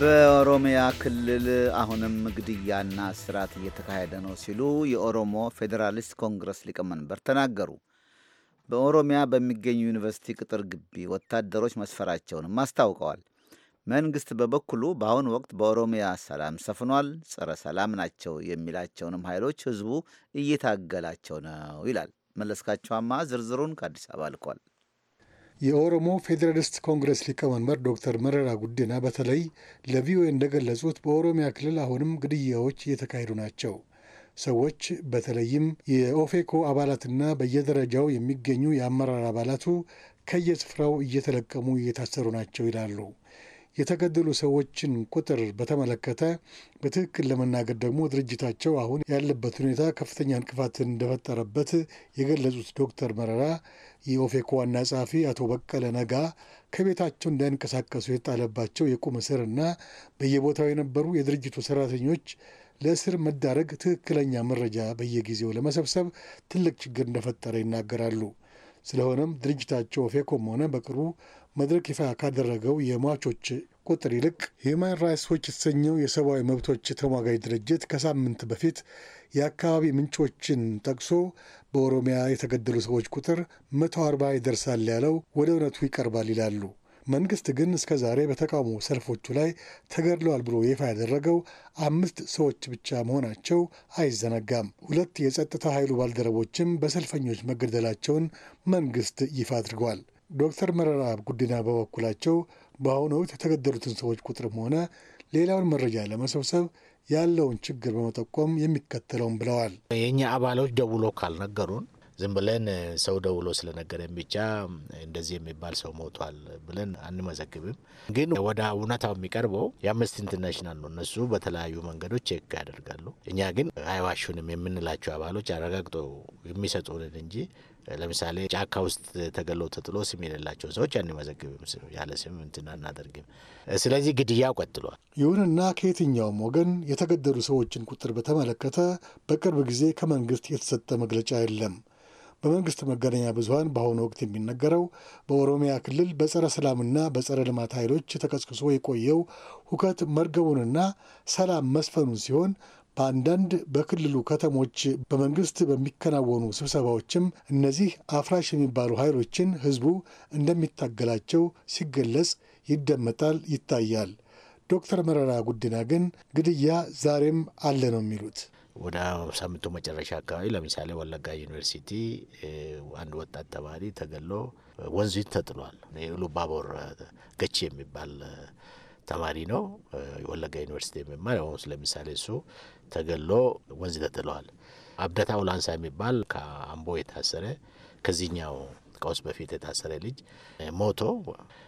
በኦሮሚያ ክልል አሁንም ግድያና እስራት እየተካሄደ ነው ሲሉ የኦሮሞ ፌዴራሊስት ኮንግረስ ሊቀመንበር ተናገሩ። በኦሮሚያ በሚገኙ ዩኒቨርሲቲ ቅጥር ግቢ ወታደሮች መስፈራቸውንም አስታውቀዋል። መንግስት በበኩሉ በአሁኑ ወቅት በኦሮሚያ ሰላም ሰፍኗል፣ ጸረ ሰላም ናቸው የሚላቸውንም ኃይሎች ህዝቡ እየታገላቸው ነው ይላል። መለስካቸዋማ ዝርዝሩን ከአዲስ አበባ
ልኳል። የኦሮሞ ፌዴራሊስት ኮንግረስ ሊቀመንበር ዶክተር መረራ ጉዲና በተለይ ለቪኦኤ እንደገለጹት በኦሮሚያ ክልል አሁንም ግድያዎች እየተካሄዱ ናቸው። ሰዎች በተለይም የኦፌኮ አባላትና በየደረጃው የሚገኙ የአመራር አባላቱ ከየስፍራው እየተለቀሙ እየታሰሩ ናቸው ይላሉ። የተገደሉ ሰዎችን ቁጥር በተመለከተ በትክክል ለመናገር ደግሞ ድርጅታቸው አሁን ያለበት ሁኔታ ከፍተኛ እንቅፋት እንደፈጠረበት የገለጹት ዶክተር መረራ የኦፌኮ ዋና ጸሐፊ አቶ በቀለ ነጋ ከቤታቸው እንዳይንቀሳቀሱ የተጣለባቸው የቁም ና በየቦታው የነበሩ የድርጅቱ ሰራተኞች ለእስር መዳረግ ትክክለኛ መረጃ በየጊዜው ለመሰብሰብ ትልቅ ችግር እንደፈጠረ ይናገራሉ። ስለሆነም ድርጅታቸው ፌኮም ሆነ በቅርቡ መድረክ ይፋ ካደረገው የሟቾች ቁጥር ይልቅ ሂውማን ራይትስ ዎች የተሰኘው የሰብአዊ መብቶች ተሟጋጅ ድርጅት ከሳምንት በፊት የአካባቢ ምንጮችን ጠቅሶ በኦሮሚያ የተገደሉ ሰዎች ቁጥር መቶ አርባ ይደርሳል ያለው ወደ እውነቱ ይቀርባል ይላሉ። መንግስት ግን እስከ ዛሬ በተቃውሞ ሰልፎቹ ላይ ተገድለዋል ብሎ ይፋ ያደረገው አምስት ሰዎች ብቻ መሆናቸው አይዘነጋም። ሁለት የጸጥታ ኃይሉ ባልደረቦችም በሰልፈኞች መገደላቸውን መንግስት ይፋ አድርጓል። ዶክተር መረራ ጉዲና በበኩላቸው በአሁኑ ወቅት የተገደሉትን ሰዎች ቁጥርም ሆነ ሌላውን መረጃ ለመሰብሰብ ያለውን ችግር በመጠቆም የሚከተለውን ብለዋል።
የእኛ አባሎች ደውሎ ካልነገሩን ዝም ብለን ሰው ደውሎ ስለነገረን ብቻ እንደዚህ የሚባል ሰው ሞቷል ብለን አንመዘግብም። ግን ወደ እውነታው የሚቀርበው የአምነስቲ ኢንተርናሽናል ነው። እነሱ በተለያዩ መንገዶች ቼክ ያደርጋሉ። እኛ ግን አይዋሹንም የምንላቸው አባሎች አረጋግጦ የሚሰጡንን እንጂ ለምሳሌ ጫካ ውስጥ ተገለው ተጥሎ ስም የሌላቸው ሰዎች አንመዘግብም፣ ያለ ስም እንትን አናደርግም። ስለዚህ ግድያው ቀጥሏል።
ይሁንና ከየትኛውም ወገን የተገደሉ ሰዎችን ቁጥር በተመለከተ በቅርብ ጊዜ ከመንግስት የተሰጠ መግለጫ የለም። በመንግስት መገናኛ ብዙኃን በአሁኑ ወቅት የሚነገረው በኦሮሚያ ክልል በጸረ ሰላምና በጸረ ልማት ኃይሎች ተቀስቅሶ የቆየው ሁከት መርገቡንና ሰላም መስፈኑን ሲሆን በአንዳንድ በክልሉ ከተሞች በመንግስት በሚከናወኑ ስብሰባዎችም እነዚህ አፍራሽ የሚባሉ ኃይሎችን ህዝቡ እንደሚታገላቸው ሲገለጽ ይደመጣል፣ ይታያል። ዶክተር መረራ ጉዲና ግን ግድያ ዛሬም አለ ነው የሚሉት።
ወደ ሳምንቱ መጨረሻ አካባቢ ለምሳሌ ወለጋ ዩኒቨርሲቲ አንድ ወጣት ተማሪ ተገሎ ወንዙን ተጥሏል። ሉባቦር ገቺ የሚባል ተማሪ ነው ወለጋ ዩኒቨርሲቲ የሚማር ሆኑስ ለምሳሌ እሱ ተገሎ ወንዝ ተጥለዋል። አብደታ ውላንሳ የሚባል ከአምቦ የታሰረ ከዚህኛው ከውስጥ በፊት የታሰረ ልጅ ሞቶ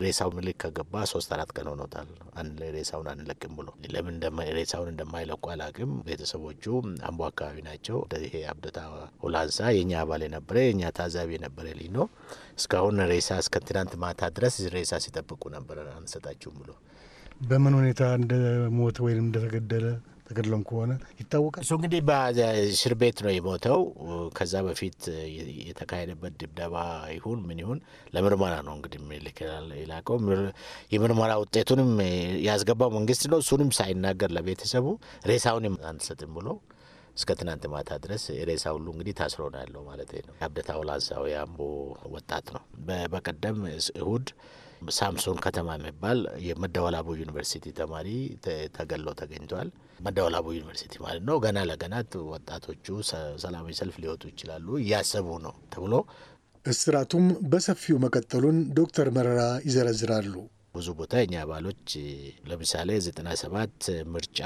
ሬሳው ምልክ ከገባ ሶስት አራት ቀን ሆኖታል። አንድ ሬሳውን አንለቅም ብሎ ለምን ሬሳውን እንደማይለቁ አላቅም። ቤተሰቦቹ አምቦ አካባቢ ናቸው። ይሄ አብደታ ሁላንሳ የእኛ አባል የነበረ የእኛ ታዛቢ የነበረ ልጅ ነው። እስካሁን ሬሳ እስከ ትናንት ማታ ድረስ ሬሳ ሲጠብቁ ነበረ አንሰጣችሁም ብሎ
በምን ሁኔታ እንደሞተ ወይም እንደተገደለ ተገድሎም ከሆነ ይታወቃል።
እሱ እንግዲህ በእስር ቤት ነው የሞተው። ከዛ በፊት የተካሄደበት ድብደባ ይሁን ምን ይሁን ለምርመራ ነው እንግዲህ ይላቀው የምርመራ ውጤቱንም ያስገባው መንግስት ነው። እሱንም ሳይናገር ለቤተሰቡ ሬሳውን አንሰጥም ብሎ እስከ ትናንት ማታ ድረስ ሬሳ ሁሉ እንግዲህ ታስሮ ነው ያለው ማለት ነው። አብደታ ውላዛው የአምቦ ወጣት ነው። በቀደም እሁድ ሳምሶን ከተማ የሚባል የመደወላቡ ዩኒቨርሲቲ ተማሪ ተገሎ ተገኝቷል። መደወላቡ ዩኒቨርሲቲ ማለት ነው። ገና ለገናት ወጣቶቹ ሰላማዊ ሰልፍ ሊወጡ ይችላሉ እያሰቡ ነው ተብሎ እስራቱም በሰፊው መቀጠሉን ዶክተር መረራ ይዘረዝራሉ። ብዙ ቦታ እኛ አባሎች ለምሳሌ ዘጠና ሰባት ምርጫ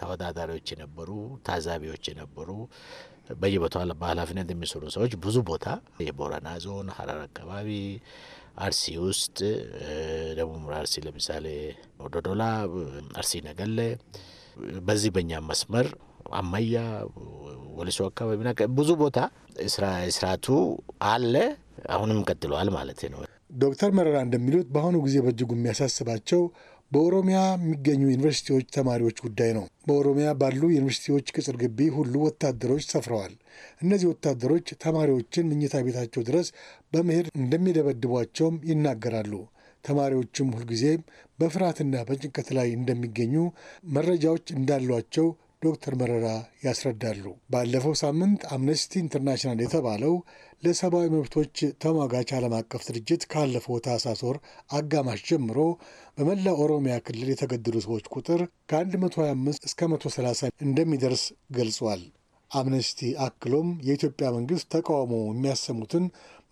ተወዳዳሪዎች የነበሩ ታዛቢዎች የነበሩ በየቦታው በኃላፊነት የሚሰሩ ሰዎች ብዙ ቦታ የቦረና ዞን ሀረር አካባቢ አርሲ ውስጥ ደቡብ አርሲ ለምሳሌ ዶዶላ፣ አርሲ ነገሌ በዚህ በእኛ መስመር አማያ አካባቢ ና ብዙ ቦታ ስርዓቱ አለ፣ አሁንም ቀጥለዋል ማለት ነው።
ዶክተር መረራ እንደሚሉት በአሁኑ ጊዜ በእጅጉ የሚያሳስባቸው በኦሮሚያ የሚገኙ ዩኒቨርሲቲዎች ተማሪዎች ጉዳይ ነው። በኦሮሚያ ባሉ ዩኒቨርሲቲዎች ቅጽር ግቢ ሁሉ ወታደሮች ሰፍረዋል። እነዚህ ወታደሮች ተማሪዎችን ምኝታ ቤታቸው ድረስ በመሄድ እንደሚደበድቧቸውም ይናገራሉ። ተማሪዎችም ሁልጊዜ በፍርሃትና በጭንቀት ላይ እንደሚገኙ መረጃዎች እንዳሏቸው ዶክተር መረራ ያስረዳሉ። ባለፈው ሳምንት አምነስቲ ኢንተርናሽናል የተባለው ለሰብአዊ መብቶች ተሟጋች ዓለም አቀፍ ድርጅት ካለፈው ታህሳስ ወር አጋማሽ ጀምሮ በመላ ኦሮሚያ ክልል የተገደሉ ሰዎች ቁጥር ከ125 እስከ 130 እንደሚደርስ ገልጿል። አምነስቲ አክሎም የኢትዮጵያ መንግሥት ተቃውሞ የሚያሰሙትን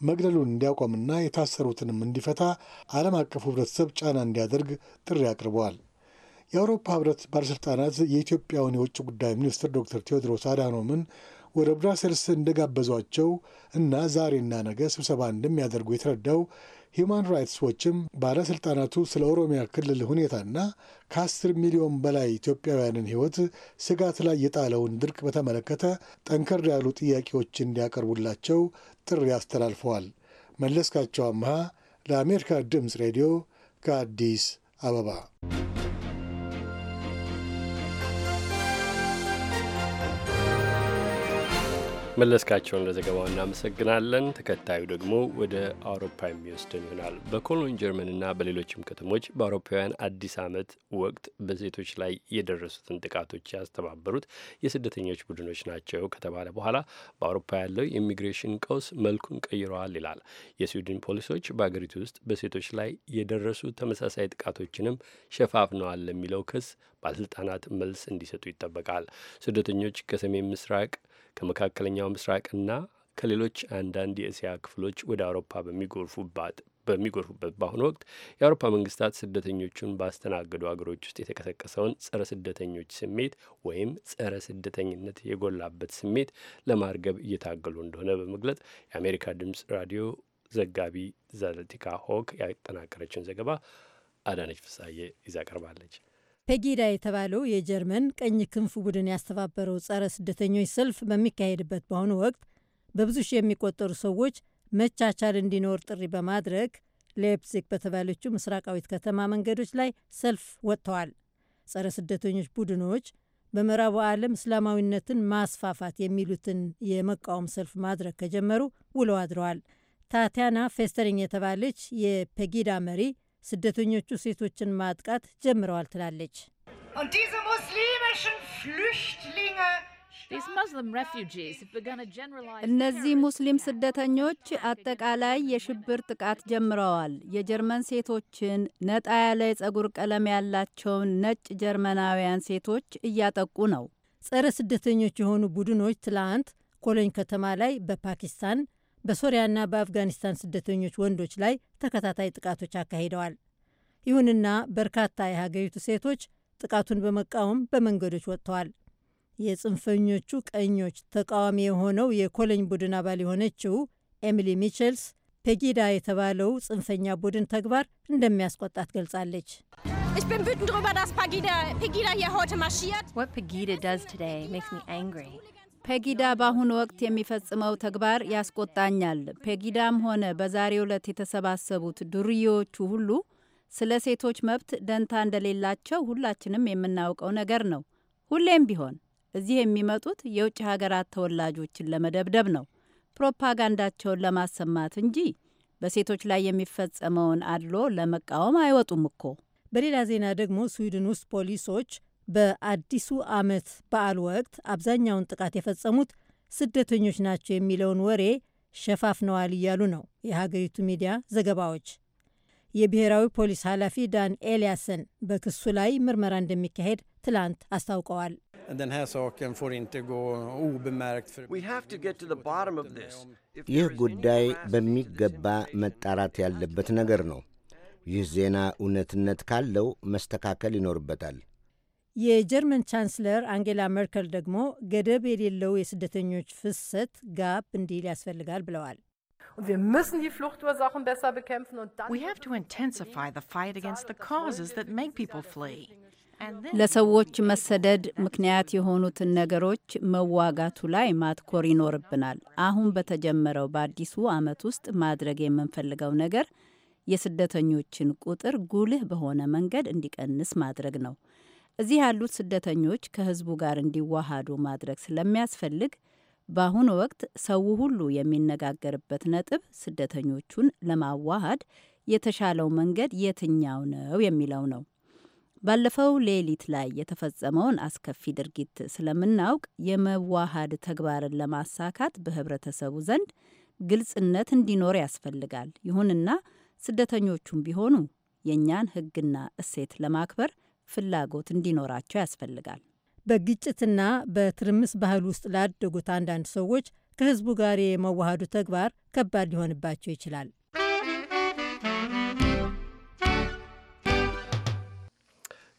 መግደሉን እንዲያቆምና የታሰሩትንም እንዲፈታ ዓለም አቀፉ ህብረተሰብ ጫና እንዲያደርግ ጥሪ አቅርበዋል። የአውሮፓ ህብረት ባለሥልጣናት የኢትዮጵያውን የውጭ ጉዳይ ሚኒስትር ዶክተር ቴዎድሮስ አዳኖምን ወደ ብራሰልስ እንደጋበዟቸው እና ዛሬና ነገ ስብሰባ እንደሚያደርጉ የተረዳው ሂዩማን ራይትስ ዎችም ባለሥልጣናቱ ስለ ኦሮሚያ ክልል ሁኔታና ከአስር ሚሊዮን በላይ ኢትዮጵያውያንን ሕይወት ስጋት ላይ የጣለውን ድርቅ በተመለከተ ጠንከር ያሉ ጥያቄዎች እንዲያቀርቡላቸው ጥሪ አስተላልፈዋል። መለስካቸው አምሃ ለአሜሪካ ድምፅ ሬዲዮ ከአዲስ አበባ
መለስካቸውን ለዘገባው እናመሰግናለን። ተከታዩ ደግሞ ወደ አውሮፓ የሚወስድን ይሆናል። በኮሎን ጀርመንና በሌሎችም ከተሞች በአውሮፓውያን አዲስ ዓመት ወቅት በሴቶች ላይ የደረሱትን ጥቃቶች ያስተባበሩት የስደተኞች ቡድኖች ናቸው ከተባለ በኋላ በአውሮፓ ያለው የኢሚግሬሽን ቀውስ መልኩን ቀይረዋል ይላል። የስዊድን ፖሊሶች በአገሪቱ ውስጥ በሴቶች ላይ የደረሱ ተመሳሳይ ጥቃቶችንም ሸፋፍነዋል ለሚለው ክስ ባለስልጣናት መልስ እንዲሰጡ ይጠበቃል። ስደተኞች ከሰሜን ምስራቅ ከመካከለኛው ምስራቅና ከሌሎች አንዳንድ የእስያ ክፍሎች ወደ አውሮፓ በሚጎርፉባት በሚጎርፉበት በአሁኑ ወቅት የአውሮፓ መንግስታት ስደተኞቹን ባስተናገዱ አገሮች ውስጥ የተቀሰቀሰውን ጸረ ስደተኞች ስሜት ወይም ጸረ ስደተኝነት የጎላበት ስሜት ለማርገብ እየታገሉ እንደሆነ በመግለጽ የአሜሪካ ድምፅ ራዲዮ ዘጋቢ ዘለቲካ ሆክ ያጠናቀረችውን ዘገባ አዳነች ፍሳዬ ይዛ ቀርባለች።
ፔጊዳ የተባለው የጀርመን ቀኝ ክንፍ ቡድን ያስተባበረው ጸረ ስደተኞች ሰልፍ በሚካሄድበት በአሁኑ ወቅት በብዙ ሺህ የሚቆጠሩ ሰዎች መቻቻል እንዲኖር ጥሪ በማድረግ ሌፕዚግ በተባለችው ምስራቃዊት ከተማ መንገዶች ላይ ሰልፍ ወጥተዋል። ጸረ ስደተኞች ቡድኖች በምዕራቡ ዓለም እስላማዊነትን ማስፋፋት የሚሉትን የመቃወም ሰልፍ ማድረግ ከጀመሩ ውለው አድረዋል። ታቲያና ፌስተሪንግ የተባለች የፔጊዳ መሪ ስደተኞቹ ሴቶችን ማጥቃት ጀምረዋል
ትላለች። እነዚህ ሙስሊም ስደተኞች አጠቃላይ የሽብር ጥቃት ጀምረዋል። የጀርመን ሴቶችን፣ ነጣ ያለ የጸጉር ቀለም ያላቸውን ነጭ ጀርመናውያን ሴቶች እያጠቁ ነው። ጸረ ስደተኞች የሆኑ ቡድኖች
ትላንት ኮሎኝ ከተማ ላይ በፓኪስታን በሶሪያና በአፍጋኒስታን ስደተኞች ወንዶች ላይ ተከታታይ ጥቃቶች አካሂደዋል። ይሁንና በርካታ የሀገሪቱ ሴቶች ጥቃቱን በመቃወም በመንገዶች ወጥተዋል። የጽንፈኞቹ ቀኞች ተቃዋሚ የሆነው የኮለኝ ቡድን አባል የሆነችው ኤሚሊ ሚችልስ ፔጊዳ የተባለው ጽንፈኛ ቡድን ተግባር እንደሚያስቆጣት ገልጻለች።
ፔጊዳ
ፔጊዳ በአሁኑ ወቅት የሚፈጽመው ተግባር ያስቆጣኛል። ፔጊዳም ሆነ በዛሬው ዕለት የተሰባሰቡት ዱርዬዎቹ ሁሉ ስለ ሴቶች መብት ደንታ እንደሌላቸው ሁላችንም የምናውቀው ነገር ነው። ሁሌም ቢሆን እዚህ የሚመጡት የውጭ ሀገራት ተወላጆችን ለመደብደብ ነው፣ ፕሮፓጋንዳቸውን ለማሰማት እንጂ በሴቶች ላይ የሚፈጸመውን አድሎ ለመቃወም አይወጡም እኮ። በሌላ ዜና ደግሞ ስዊድን
ውስጥ ፖሊሶች በአዲሱ ዓመት በዓል ወቅት አብዛኛውን ጥቃት የፈጸሙት ስደተኞች ናቸው የሚለውን ወሬ ሸፋፍነዋል እያሉ ነው የሀገሪቱ ሚዲያ ዘገባዎች። የብሔራዊ ፖሊስ ኃላፊ ዳን ኤልያስን በክሱ ላይ ምርመራ እንደሚካሄድ ትላንት አስታውቀዋል።
ይህ ጉዳይ በሚገባ መጣራት ያለበት ነገር ነው። ይህ ዜና እውነትነት ካለው መስተካከል ይኖርበታል።
የጀርመን ቻንስለር አንጌላ ሜርከል ደግሞ ገደብ የሌለው የስደተኞች ፍሰት ጋብ እንዲል ያስፈልጋል ብለዋል።
ለሰዎች መሰደድ ምክንያት የሆኑትን ነገሮች መዋጋቱ ላይ ማትኮር ይኖርብናል። አሁን በተጀመረው በአዲሱ ዓመት ውስጥ ማድረግ የምንፈልገው ነገር የስደተኞችን ቁጥር ጉልህ በሆነ መንገድ እንዲቀንስ ማድረግ ነው። እዚህ ያሉት ስደተኞች ከህዝቡ ጋር እንዲዋሃዱ ማድረግ ስለሚያስፈልግ በአሁኑ ወቅት ሰው ሁሉ የሚነጋገርበት ነጥብ ስደተኞቹን ለማዋሃድ የተሻለው መንገድ የትኛው ነው የሚለው ነው። ባለፈው ሌሊት ላይ የተፈጸመውን አስከፊ ድርጊት ስለምናውቅ የመዋሃድ ተግባርን ለማሳካት በህብረተሰቡ ዘንድ ግልጽነት እንዲኖር ያስፈልጋል። ይሁንና ስደተኞቹም ቢሆኑ የእኛን ህግና እሴት ለማክበር ፍላጎት እንዲኖራቸው ያስፈልጋል። በግጭትና በትርምስ ባህል ውስጥ ላደጉት
አንዳንድ ሰዎች ከህዝቡ ጋር የመዋሃዱ ተግባር ከባድ ሊሆንባቸው ይችላል።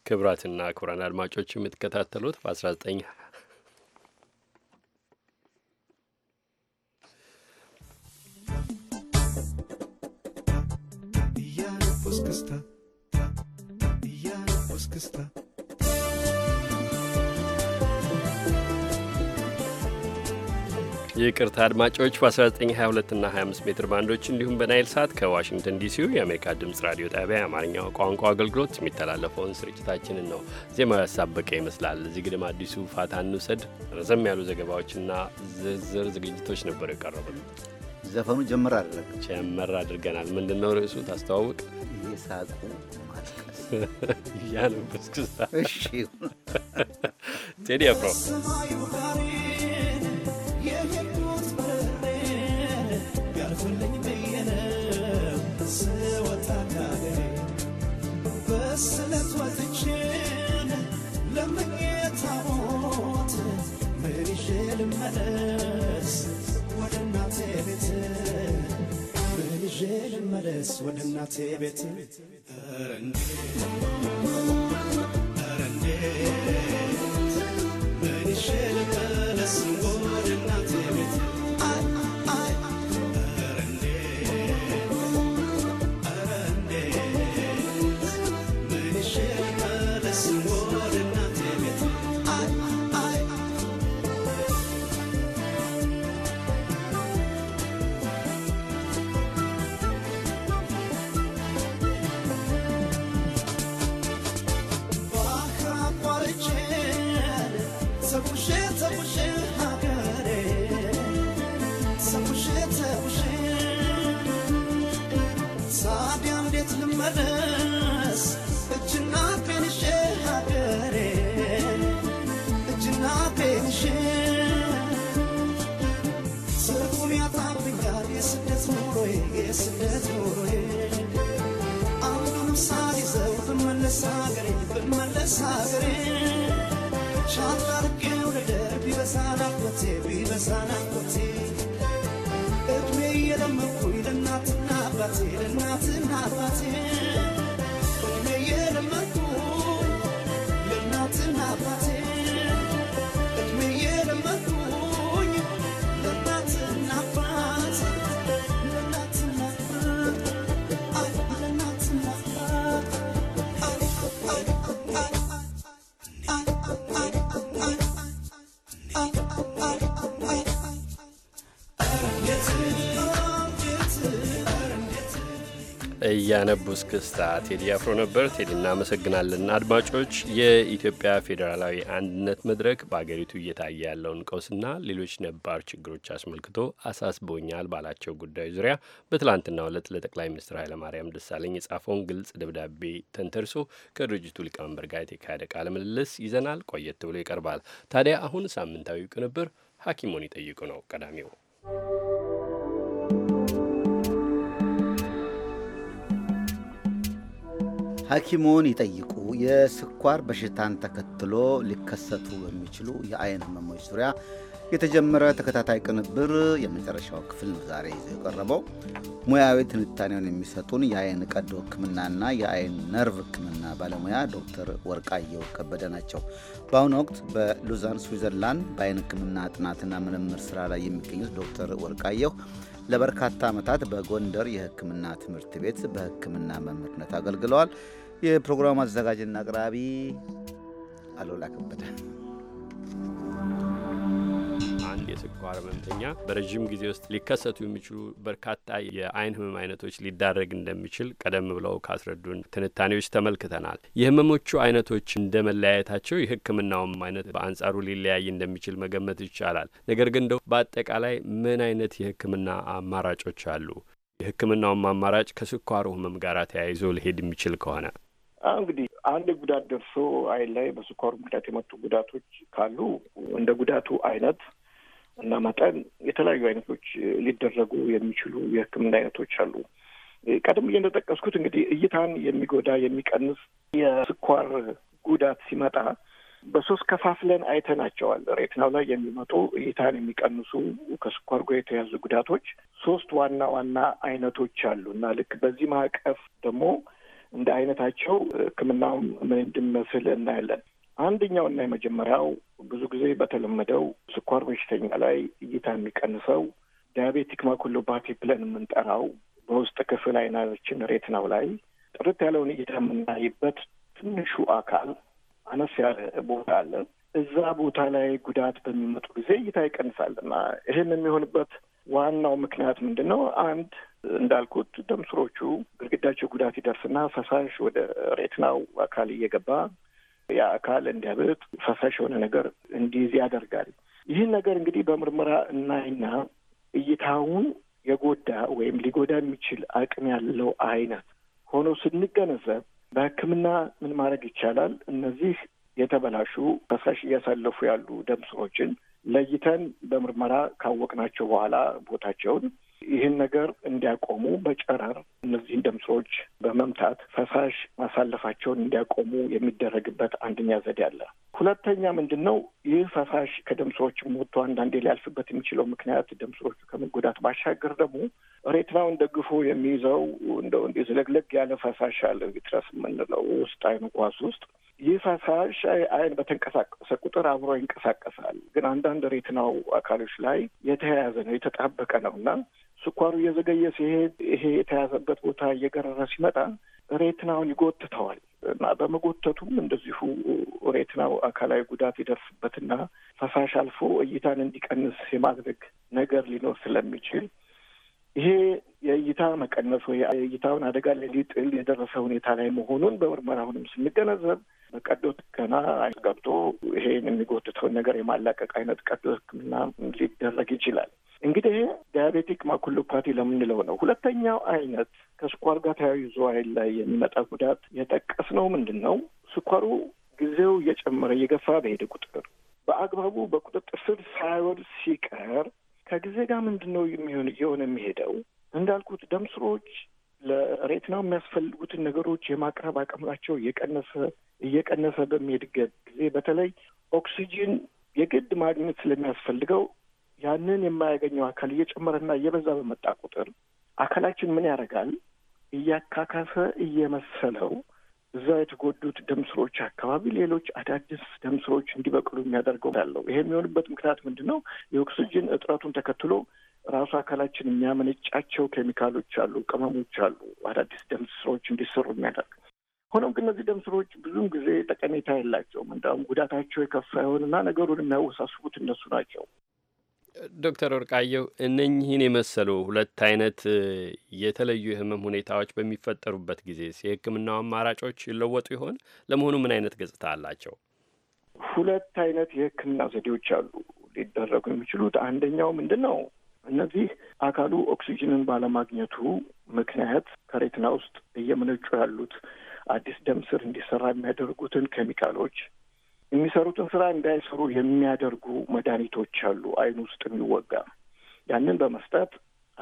ክቡራትና ክቡራን አድማጮች የምትከታተሉት በ19 Pues está. ይቅርታ አድማጮች በ1922 እና 25 ሜትር ባንዶች እንዲሁም በናይል ሳት ከዋሽንግተን ዲሲው የአሜሪካ ድምፅ ራዲዮ ጣቢያ የአማርኛው ቋንቋ አገልግሎት የሚተላለፈውን ስርጭታችንን ነው። ዜማው ያሳበቀ ይመስላል። እዚህ ግድም አዲሱ ፋታ እንውሰድ። ረዘም ያሉ ዘገባዎችና ዝርዝር ዝግጅቶች ነበሩ የቀረቡልን። ዘፈኑ ጀመር አድርገን ጀመር አድርገናል። ምንድን ነው ርዕሱ ታስተዋውቅ? እየሳቁ ማልቀስ እያለ በስክስታ እሺ ቴዲ አፍሮ
ልመለስ ወደ እናቴ ቤት ረንዴ ረንዴ መልሼ ልመለስ ወደ እናቴ ልዞር አሁኑንም ሳይዘው ብመለስ አገሬ ብመለስ አገሬ ሻላርጌው እድሜ እየለመኩኝ ለእናትና አባቴ ለእናትና አባቴ
እያነቡ እስክስታ ቴዲ አፍሮ ነበር። ቴዲ እናመሰግናለን። አድማጮች፣ የኢትዮጵያ ፌዴራላዊ አንድነት መድረክ በአገሪቱ እየታየ ያለውን ቀውስና ሌሎች ነባር ችግሮች አስመልክቶ አሳስቦኛል ባላቸው ጉዳዮች ዙሪያ በትላንትናው ዕለት ለጠቅላይ ሚኒስትር ኃይለማርያም ደሳለኝ የጻፈውን ግልጽ ደብዳቤ ተንተርሶ ከድርጅቱ ሊቀመንበር ጋር የተካሄደ ቃለ ምልልስ ይዘናል። ቆየት ብሎ ይቀርባል። ታዲያ አሁን ሳምንታዊ ቅንብር ሐኪሙን ይጠይቁ ነው ቀዳሚው።
ሐኪሙን ይጠይቁ። የስኳር በሽታን ተከትሎ ሊከሰቱ በሚችሉ የአይን ህመሞች ዙሪያ የተጀመረ ተከታታይ ቅንብር የመጨረሻው ክፍል ነው ዛሬ ይዞ የቀረበው። ሙያዊ ትንታኔውን የሚሰጡን የአይን ቀዶ ህክምናና የአይን ነርቭ ህክምና ባለሙያ ዶክተር ወርቃየሁ ከበደ ናቸው። በአሁኑ ወቅት በሉዛን ስዊዘርላንድ በአይን ህክምና ጥናትና ምርምር ስራ ላይ የሚገኙት ዶክተር ወርቃየሁ ለበርካታ ዓመታት በጎንደር የህክምና ትምህርት ቤት በህክምና መምህርነት አገልግለዋል። የፕሮግራሙ አዘጋጅና አቅራቢ
አሉላ ከበደ። አንድ የስኳር ህመምተኛ በረዥም ጊዜ ውስጥ ሊከሰቱ የሚችሉ በርካታ የአይን ህመም አይነቶች ሊዳረግ እንደሚችል ቀደም ብለው ካስረዱን ትንታኔዎች ተመልክተናል። የህመሞቹ አይነቶች እንደ መለያየታቸው የህክምናውም አይነት በአንጻሩ ሊለያይ እንደሚችል መገመት ይቻላል። ነገር ግን እንደው በአጠቃላይ ምን አይነት የህክምና አማራጮች አሉ? የህክምናውም አማራጭ ከስኳሩ ህመም ጋር ተያይዞ ሊሄድ የሚችል ከሆነ
እንግዲህ አንድ ጉዳት ደርሶ አይን ላይ በስኳር ምክንያት የመጡ ጉዳቶች ካሉ እንደ ጉዳቱ አይነት እና መጠን የተለያዩ አይነቶች ሊደረጉ የሚችሉ የሕክምና አይነቶች አሉ። ቀደም ብዬ እንደጠቀስኩት እንግዲህ እይታን የሚጎዳ የሚቀንስ የስኳር ጉዳት ሲመጣ በሶስት ከፋፍለን አይተናቸዋል። ሬትናው ላይ የሚመጡ እይታን የሚቀንሱ ከስኳር ጋር የተያዙ ጉዳቶች ሶስት ዋና ዋና አይነቶች አሉ እና ልክ በዚህ ማዕቀፍ ደግሞ እንደ አይነታቸው ህክምናው ምን እንድመስል እናያለን። አንደኛው እና የመጀመሪያው ብዙ ጊዜ በተለመደው ስኳር በሽተኛ ላይ እይታ የሚቀንሰው ዲያቤቲክ ማኩሎፓቲ ብለን የምንጠራው በውስጥ ክፍል አይናችን ሬትናው ላይ ጥርት ያለውን እይታ የምናይበት ትንሹ አካል አነስ ያለ ቦታ አለ። እዛ ቦታ ላይ ጉዳት በሚመጡ ጊዜ እይታ ይቀንሳል እና ይህን የሚሆንበት ዋናው ምክንያት ምንድን ነው? አንድ እንዳልኩት ደም ስሮቹ ግድግዳቸው ጉዳት ይደርስና ፈሳሽ ወደ ሬትናው አካል እየገባ ያ አካል እንዲያብጥ ፈሳሽ የሆነ ነገር እንዲይዝ ያደርጋል። ይህን ነገር እንግዲህ በምርመራ እናይና እይታውን የጎዳ ወይም ሊጎዳ የሚችል አቅም ያለው አይነት ሆኖ ስንገነዘብ በሕክምና ምን ማድረግ ይቻላል? እነዚህ የተበላሹ ፈሳሽ እያሳለፉ ያሉ ደም ስሮችን ለይተን በምርመራ ካወቅናቸው በኋላ ቦታቸውን ይህን ነገር እንዲያቆሙ በጨረር እነዚህን ደምሶዎች በመምታት ፈሳሽ ማሳለፋቸውን እንዲያቆሙ የሚደረግበት አንደኛ ዘዴ አለ። ሁለተኛ ምንድን ነው? ይህ ፈሳሽ ከደምሶዎች ሞቶ አንዳንዴ ሊያልፍበት የሚችለው ምክንያት ደም ከመጎዳት ባሻገር ደግሞ ሬትናውን ደግፎ የሚይዘው እንደው እንዲህ ዝለግለግ ያለ ፈሳሽ አለ፣ ቪትረስ የምንለው ውስጥ አይኑ ኳስ ውስጥ ይህ ፈሳሽ አይን በተንቀሳቀሰ ቁጥር አብሮ ይንቀሳቀሳል። ግን አንዳንድ ሬትናው አካሎች ላይ የተያያዘ ነው የተጣበቀ ነው እና ስኳሩ እየዘገየ ሲሄድ ይሄ የተያዘበት ቦታ እየገረረ ሲመጣ ሬትናውን ይጎትተዋል እና በመጎተቱም እንደዚሁ ሬትናው አካላዊ ጉዳት ይደርስበትና ፈሳሽ አልፎ እይታን እንዲቀንስ የማድረግ ነገር ሊኖር ስለሚችል ይሄ የእይታ መቀነሱ የእይታውን አደጋ ለሊጥል የደረሰ ሁኔታ ላይ መሆኑን በምርመራ ስንገነዘብ ቀዶ ጥገና ገብቶ ይሄን የሚጎትተውን ነገር የማላቀቅ አይነት ቀዶ ሕክምና ሊደረግ ይችላል። እንግዲህ ዳያቤቲክ ማኩሎፓቲ ለምንለው ነው። ሁለተኛው አይነት ከስኳር ጋር ተያይዞ አይን ላይ የሚመጣ ጉዳት የጠቀስነው ምንድን ነው? ስኳሩ ጊዜው እየጨመረ እየገፋ በሄደ ቁጥር በአግባቡ በቁጥጥር ስር ሳይወድ ሲቀር ከጊዜ ጋር ምንድን ነው የሚሆን እየሆነ የሚሄደው እንዳልኩት ደም ስሮች ለሬትና የሚያስፈልጉትን ነገሮች የማቅረብ አቅማቸው እየቀነሰ እየቀነሰ በሚሄድበት ጊዜ በተለይ ኦክሲጂን የግድ ማግኘት ስለሚያስፈልገው ያንን የማያገኘው አካል እየጨመረና እየበዛ በመጣ ቁጥር አካላችን ምን ያደርጋል? እያካካሰ እየመሰለው እዛ የተጎዱት ደምስሮች አካባቢ ሌሎች አዳዲስ ደምስሮች እንዲበቅሉ የሚያደርገው ያለው ይሄ የሚሆንበት ምክንያት ምንድን ነው? የኦክሲጅን እጥረቱን ተከትሎ ራሱ አካላችን የሚያመነጫቸው ኬሚካሎች አሉ፣ ቅመሞች አሉ፣ አዳዲስ ደም ስሮች እንዲሰሩ የሚያደርግ። ሆኖም ግን እነዚህ ደም ስሮች ብዙም ጊዜ ጠቀሜታ የላቸውም። እንዲሁም ጉዳታቸው የከፋ ይሆንና ነገሩን የሚያወሳስቡት እነሱ ናቸው።
ዶክተር ወርቃየሁ እነኝህን የመሰሉ ሁለት አይነት የተለዩ የህመም ሁኔታዎች በሚፈጠሩበት ጊዜ የህክምናው አማራጮች ይለወጡ ይሆን? ለመሆኑ ምን አይነት ገጽታ አላቸው?
ሁለት አይነት የህክምና ዘዴዎች አሉ ሊደረጉ የሚችሉት። አንደኛው ምንድን ነው እነዚህ አካሉ ኦክሲጅንን ባለማግኘቱ ምክንያት ከሬትና ውስጥ እየመነጩ ያሉት አዲስ ደም ስር እንዲሰራ የሚያደርጉትን ኬሚካሎች የሚሰሩትን ስራ እንዳይሰሩ የሚያደርጉ መድኃኒቶች አሉ። አይን ውስጥ የሚወጋ ያንን በመስጠት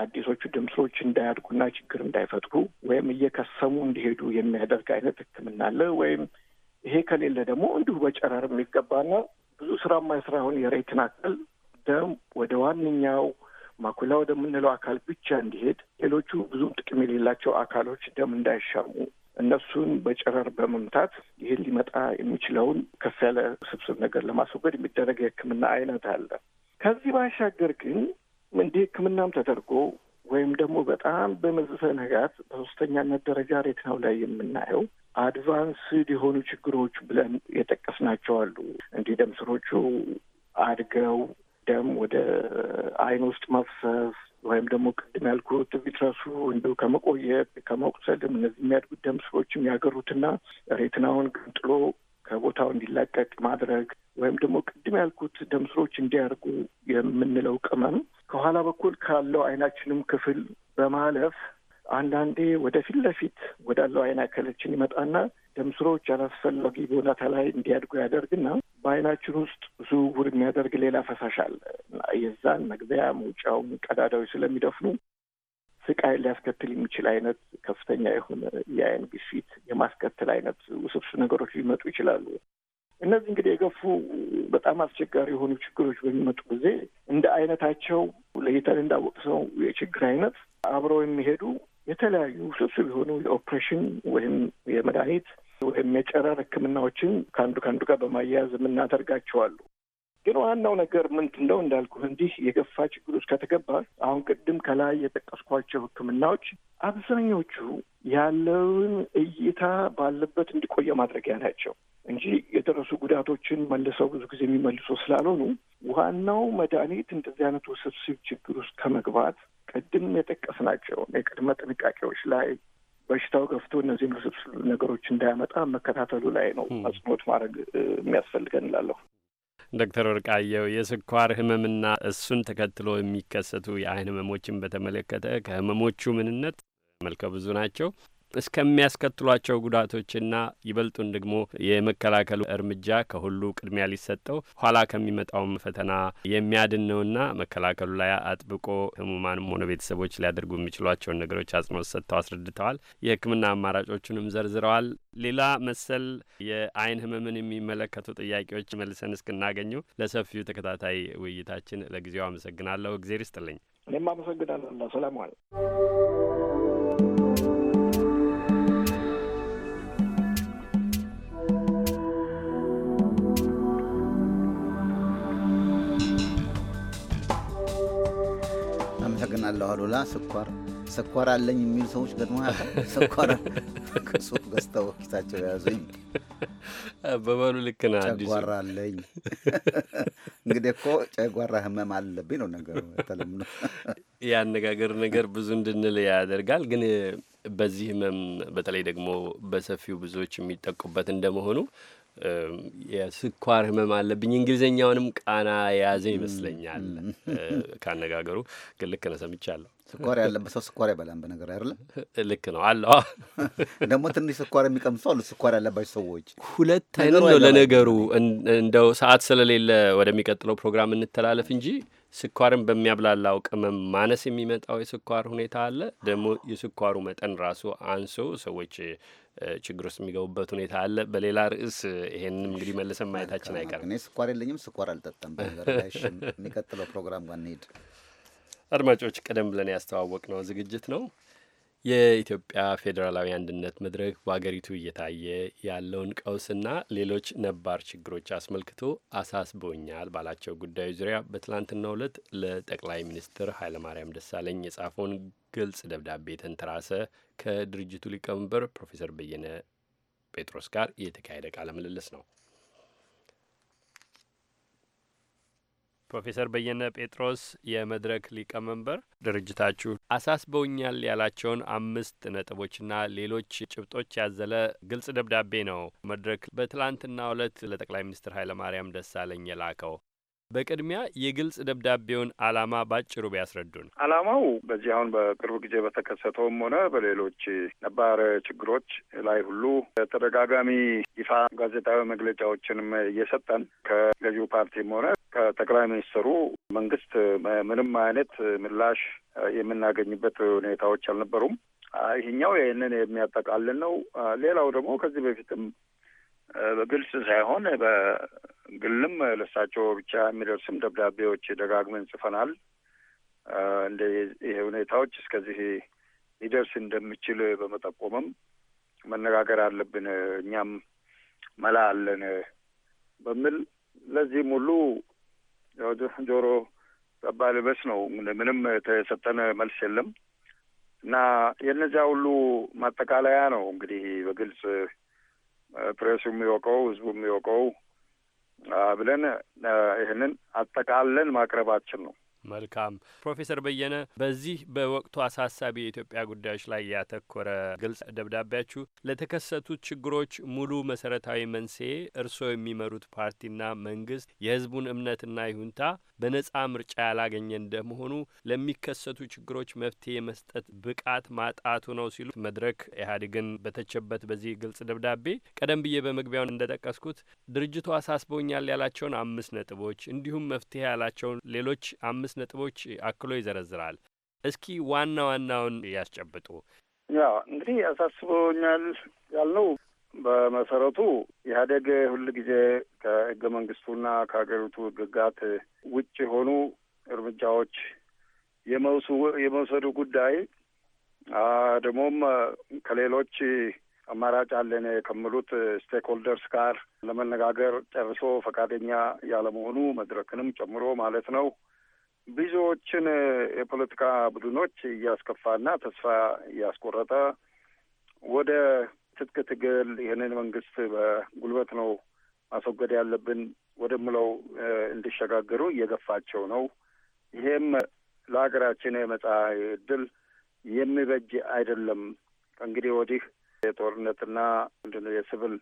አዲሶቹ ደም ስሮች እንዳያድጉና ችግር እንዳይፈጥሩ ወይም እየከሰሙ እንዲሄዱ የሚያደርግ አይነት ሕክምና አለ። ወይም ይሄ ከሌለ ደግሞ እንዲሁ በጨረር የሚገባና ብዙ ስራ የሆን የሬቲና አካል ደም ወደ ዋነኛው ማኩላ ወደምንለው አካል ብቻ እንዲሄድ፣ ሌሎቹ ብዙም ጥቅም የሌላቸው አካሎች ደም እንዳይሻሙ እነሱን በጨረር በመምታት ይህን ሊመጣ የሚችለውን ከፍ ያለ ስብስብ ነገር ለማስወገድ የሚደረግ የሕክምና አይነት አለ። ከዚህ ባሻገር ግን እንዲህ ሕክምናም ተደርጎ ወይም ደግሞ በጣም በመዘነጋት በሶስተኛነት ደረጃ ሬቲናው ላይ የምናየው አድቫንስድ የሆኑ ችግሮች ብለን የጠቀስናቸው አሉ። እንዲህ ደም ስሮቹ አድገው ደም ወደ አይን ውስጥ መፍሰስ ወይም ደግሞ ቅድም ያልኩት ቢትረሱ እንዲሁ ከመቆየት ከመቁሰልም እነዚህ የሚያድጉት ደም ስሮችም ያገሩትና ሬትናውን ገንጥሎ ከቦታው እንዲላቀቅ ማድረግ ወይም ደግሞ ቅድም ያልኩት ደም ስሮች እንዲያርጉ የምንለው ቅመም ከኋላ በኩል ካለው አይናችንም ክፍል በማለፍ አንዳንዴ ወደፊት ለፊት ወዳለው አይን አካላችን ይመጣና ደም ስሮች አላስፈላጊ ቦታ ላይ እንዲያድጉ ያደርግና በአይናችን ውስጥ ዝውውር የሚያደርግ ሌላ ፈሳሽ አለ። የዛን መግቢያ መውጫውን ቀዳዳዎች ስለሚደፍኑ ስቃይ ሊያስከትል የሚችል አይነት ከፍተኛ የሆነ የአይን ግፊት የማስከትል አይነት ውስብስብ ነገሮች ሊመጡ ይችላሉ። እነዚህ እንግዲህ የገፉ በጣም አስቸጋሪ የሆኑ ችግሮች በሚመጡ ጊዜ እንደ አይነታቸው ለይተን እንዳወቅሰው የችግር አይነት አብረው የሚሄዱ የተለያዩ ውስብስብ የሆኑ የኦፕሬሽን ወይም የመድኃኒት ወይም የጨረር ህክምናዎችን ከአንዱ ከአንዱ ጋር በማያያዝ የምናደርጋቸዋሉ። ግን ዋናው ነገር ምንድን ነው እንዳልኩ እንዲህ የገፋ ችግር ውስጥ ከተገባ አሁን ቅድም ከላይ የጠቀስኳቸው ህክምናዎች አብዛኞቹ ያለውን እይታ ባለበት እንዲቆየ ማድረጊያ ናቸው እንጂ የደረሱ ጉዳቶችን መልሰው ብዙ ጊዜ የሚመልሱ ስላልሆኑ ዋናው መድኃኒት እንደዚህ አይነት ውስብስብ ችግር ውስጥ ከመግባት ቅድም የጠቀስናቸው የቅድመ ጥንቃቄዎች ላይ በሽታው ገፍቶ እነዚህ ውስብስብ ነገሮች እንዳያመጣ መከታተሉ ላይ ነው አጽንኦት ማድረግ የሚያስፈልገን
እላለሁ። ዶክተር ወርቃየው የስኳር ህመምና እሱን ተከትሎ የሚከሰቱ የአይን ህመሞችን በተመለከተ ከህመሞቹ ምንነት መልከ ብዙ ናቸው እስከሚያስከትሏቸው ጉዳቶችና ይበልጡን ደግሞ የመከላከሉ እርምጃ ከሁሉ ቅድሚያ ሊሰጠው ኋላ ከሚመጣውም ፈተና የሚያድን ነውና መከላከሉ ላይ አጥብቆ ህሙማንም ሆነ ቤተሰቦች ሊያደርጉ የሚችሏቸውን ነገሮች አጽንኦት ሰጥተው አስረድተዋል። የህክምና አማራጮቹንም ዘርዝረዋል። ሌላ መሰል የአይን ህመምን የሚመለከቱ ጥያቄዎች መልሰን እስክናገኙ ለሰፊው ተከታታይ ውይይታችን ለጊዜው አመሰግናለሁ። እግዜር ይስጥልኝ።
እኔም አመሰግናለሁ። ሰላም ዋል
አመሰግናለሁ አሉላ። ስኳር ስኳር አለኝ የሚሉ ሰዎች ገጥሞ ስኳር ከሱፍ ገዝተው ኪሳቸው የያዙኝ
በበሉ ልክ ነህ። ጨጓራ
አለኝ እንግዲህ እኮ ጨጓራ ህመም አለብኝ ነው ነገሩ። ተለምዶ
የአነጋገር ነገር ብዙ እንድንል ያደርጋል። ግን በዚህ ህመም በተለይ ደግሞ በሰፊው ብዙዎች የሚጠቁበት እንደመሆኑ የስኳር ህመም አለብኝ። እንግሊዝኛውንም ቃና የያዘ ይመስለኛል ካነጋገሩ። ግን ልክ ነው ሰምቻለሁ። ስኳር ያለበት ሰው ስኳር አይበላም። በነገር አይደለም፣ ልክ ነው አለ።
ደግሞ ትንሽ ስኳር የሚቀምሱ አሉ፣ ስኳር ያለባቸው ሰዎች። ሁለት አይነት ነው
ለነገሩ። እንደው ሰዓት ስለሌለ ወደሚቀጥለው ፕሮግራም እንተላለፍ እንጂ ስኳርን በሚያብላላው ቅመም ማነስ የሚመጣው የስኳር ሁኔታ አለ። ደግሞ የስኳሩ መጠን ራሱ አንሶ ሰዎች ችግር ውስጥ የሚገቡበት ሁኔታ አለ። በሌላ ርዕስ ይሄንም እንግዲህ መልሰን ማየታችን አይቀርም። እኔ ስኳር የለኝም፣ ስኳር አልጠጣም። የሚቀጥለው ፕሮግራም ጋር እንሄድ። አድማጮች፣ ቀደም ብለን ያስተዋወቅ ነው ዝግጅት ነው የኢትዮጵያ ፌዴራላዊ አንድነት መድረክ በአገሪቱ እየታየ ያለውን ቀውስና ሌሎች ነባር ችግሮች አስመልክቶ አሳስቦኛል ባላቸው ጉዳዮች ዙሪያ በትላንትናው ዕለት ለጠቅላይ ሚኒስትር ኃይለማርያም ደሳለኝ የጻፈውን ግልጽ ደብዳቤ ተንተራሰ ከድርጅቱ ሊቀመንበር ፕሮፌሰር በየነ ጴጥሮስ ጋር የተካሄደ ቃለ ምልልስ ነው። ፕሮፌሰር በየነ ጴጥሮስ የመድረክ ሊቀመንበር ድርጅታችሁ አሳስበውኛል ያላቸውን አምስት ነጥቦችና ሌሎች ጭብጦች ያዘለ ግልጽ ደብዳቤ ነው መድረክ በትላንትናው ዕለት ለጠቅላይ ሚኒስትር ኃይለማርያም ደሳለኝ የላከው። በቅድሚያ የግልጽ ደብዳቤውን ዓላማ ባጭሩ ቢያስረዱን።
ዓላማው በዚህ አሁን በቅርብ ጊዜ በተከሰተውም ሆነ በሌሎች ነባር ችግሮች ላይ ሁሉ ተደጋጋሚ ይፋ ጋዜጣዊ መግለጫዎችንም እየሰጠን ከገዢው ፓርቲም ሆነ ከጠቅላይ ሚኒስትሩ መንግስት ምንም አይነት ምላሽ የምናገኝበት ሁኔታዎች አልነበሩም። ይህኛው ይህንን የሚያጠቃልል ነው። ሌላው ደግሞ ከዚህ በፊትም በግልጽ ሳይሆን በግልም ለሳቸው ብቻ የሚደርስም ደብዳቤዎች ደጋግመን ጽፈናል። እንደ ይሄ ሁኔታዎች እስከዚህ ሊደርስ እንደሚችል በመጠቆምም መነጋገር አለብን፣ እኛም መላ አለን በሚል ለዚህም ሁሉ ጆሮ ዳባ ልበስ ነው። ምንም የተሰጠን መልስ የለም እና የነዚያ ሁሉ ማጠቃለያ ነው እንግዲህ በግልጽ ፕሬሱ የሚወቀው ህዝቡ የሚወቀው ብለን ይህንን አጠቃለን ማቅረባችን ነው።
መልካም ፕሮፌሰር በየነ በዚህ በወቅቱ አሳሳቢ የኢትዮጵያ ጉዳዮች ላይ ያተኮረ ግልጽ ደብዳቤያችሁ ለተከሰቱት ችግሮች ሙሉ መሰረታዊ መንስኤ እርስዎ የሚመሩት ፓርቲና መንግስት የህዝቡን እምነትና ይሁንታ በነጻ ምርጫ ያላገኘ እንደመሆኑ ለሚከሰቱ ችግሮች መፍትሄ የመስጠት ብቃት ማጣቱ ነው ሲሉ መድረክ ኢህአዴግን በተቸበት በዚህ ግልጽ ደብዳቤ ቀደም ብዬ በመግቢያውን እንደጠቀስኩት ድርጅቱ አሳስበውኛል ያላቸውን አምስት ነጥቦች እንዲሁም መፍትሄ ያላቸውን ሌሎች አምስት ስድስት ነጥቦች አክሎ ይዘረዝራል። እስኪ ዋና ዋናውን ያስጨብጡ።
ያ እንግዲህ ያሳስበኛል ያልነው በመሰረቱ ኢህአዴግ ሁል ጊዜ ከህገ መንግስቱና ከሀገሪቱ ህግጋት ውጭ የሆኑ እርምጃዎች የመውሰዱ ጉዳይ ደግሞም ከሌሎች አማራጭ አለን ከሚሉት ስቴክሆልደርስ ጋር ለመነጋገር ጨርሶ ፈቃደኛ ያለመሆኑ መድረክንም ጨምሮ ማለት ነው። ብዙዎችን የፖለቲካ ቡድኖች እያስከፋና ተስፋ እያስቆረጠ ወደ ትጥቅ ትግል ይህንን መንግስት በጉልበት ነው ማስወገድ ያለብን ወደምለው እንዲሸጋገሩ እየገፋቸው ነው። ይሄም ለሀገራችን መጻኢ ዕድል የሚበጅ አይደለም። ከእንግዲህ ወዲህ የጦርነትና ምንድን ነው የስብል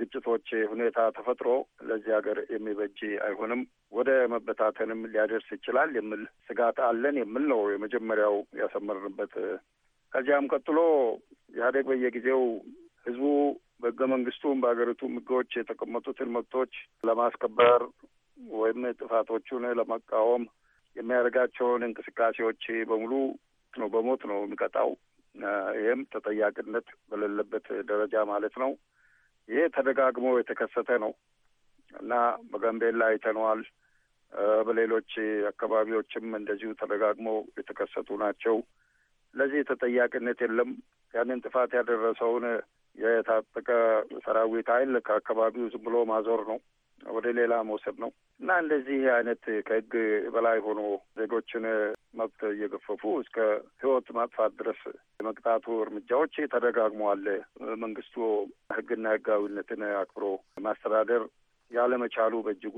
ግጭቶች ሁኔታ ተፈጥሮ ለዚህ ሀገር የሚበጅ አይሆንም፣ ወደ መበታተንም ሊያደርስ ይችላል የሚል ስጋት አለን የሚል ነው የመጀመሪያው ያሰመርንበት። ከዚያም ቀጥሎ ኢህአዴግ በየጊዜው ህዝቡ በህገ መንግስቱም በሀገሪቱ ህጎች የተቀመጡትን መብቶች ለማስከበር ወይም ጥፋቶቹን ለመቃወም የሚያደርጋቸውን እንቅስቃሴዎች በሙሉ ነው በሞት ነው የሚቀጣው። ይህም ተጠያቂነት በሌለበት ደረጃ ማለት ነው። ይሄ ተደጋግሞ የተከሰተ ነው እና በጋምቤላ አይተነዋል። በሌሎች አካባቢዎችም እንደዚሁ ተደጋግሞ የተከሰቱ ናቸው። ለዚህ ተጠያቂነት የለም። ያንን ጥፋት ያደረሰውን የታጠቀ ሰራዊት ኃይል ከአካባቢው ዝም ብሎ ማዞር ነው። ወደ ሌላ መውሰድ ነው እና እንደዚህ አይነት ከህግ በላይ ሆኖ ዜጎችን መብት እየገፈፉ እስከ ህይወት ማጥፋት ድረስ የመቅጣቱ እርምጃዎች ተደጋግመዋል። መንግስቱ ህግና ህጋዊነትን አክብሮ ማስተዳደር ያለመቻሉ በእጅጉ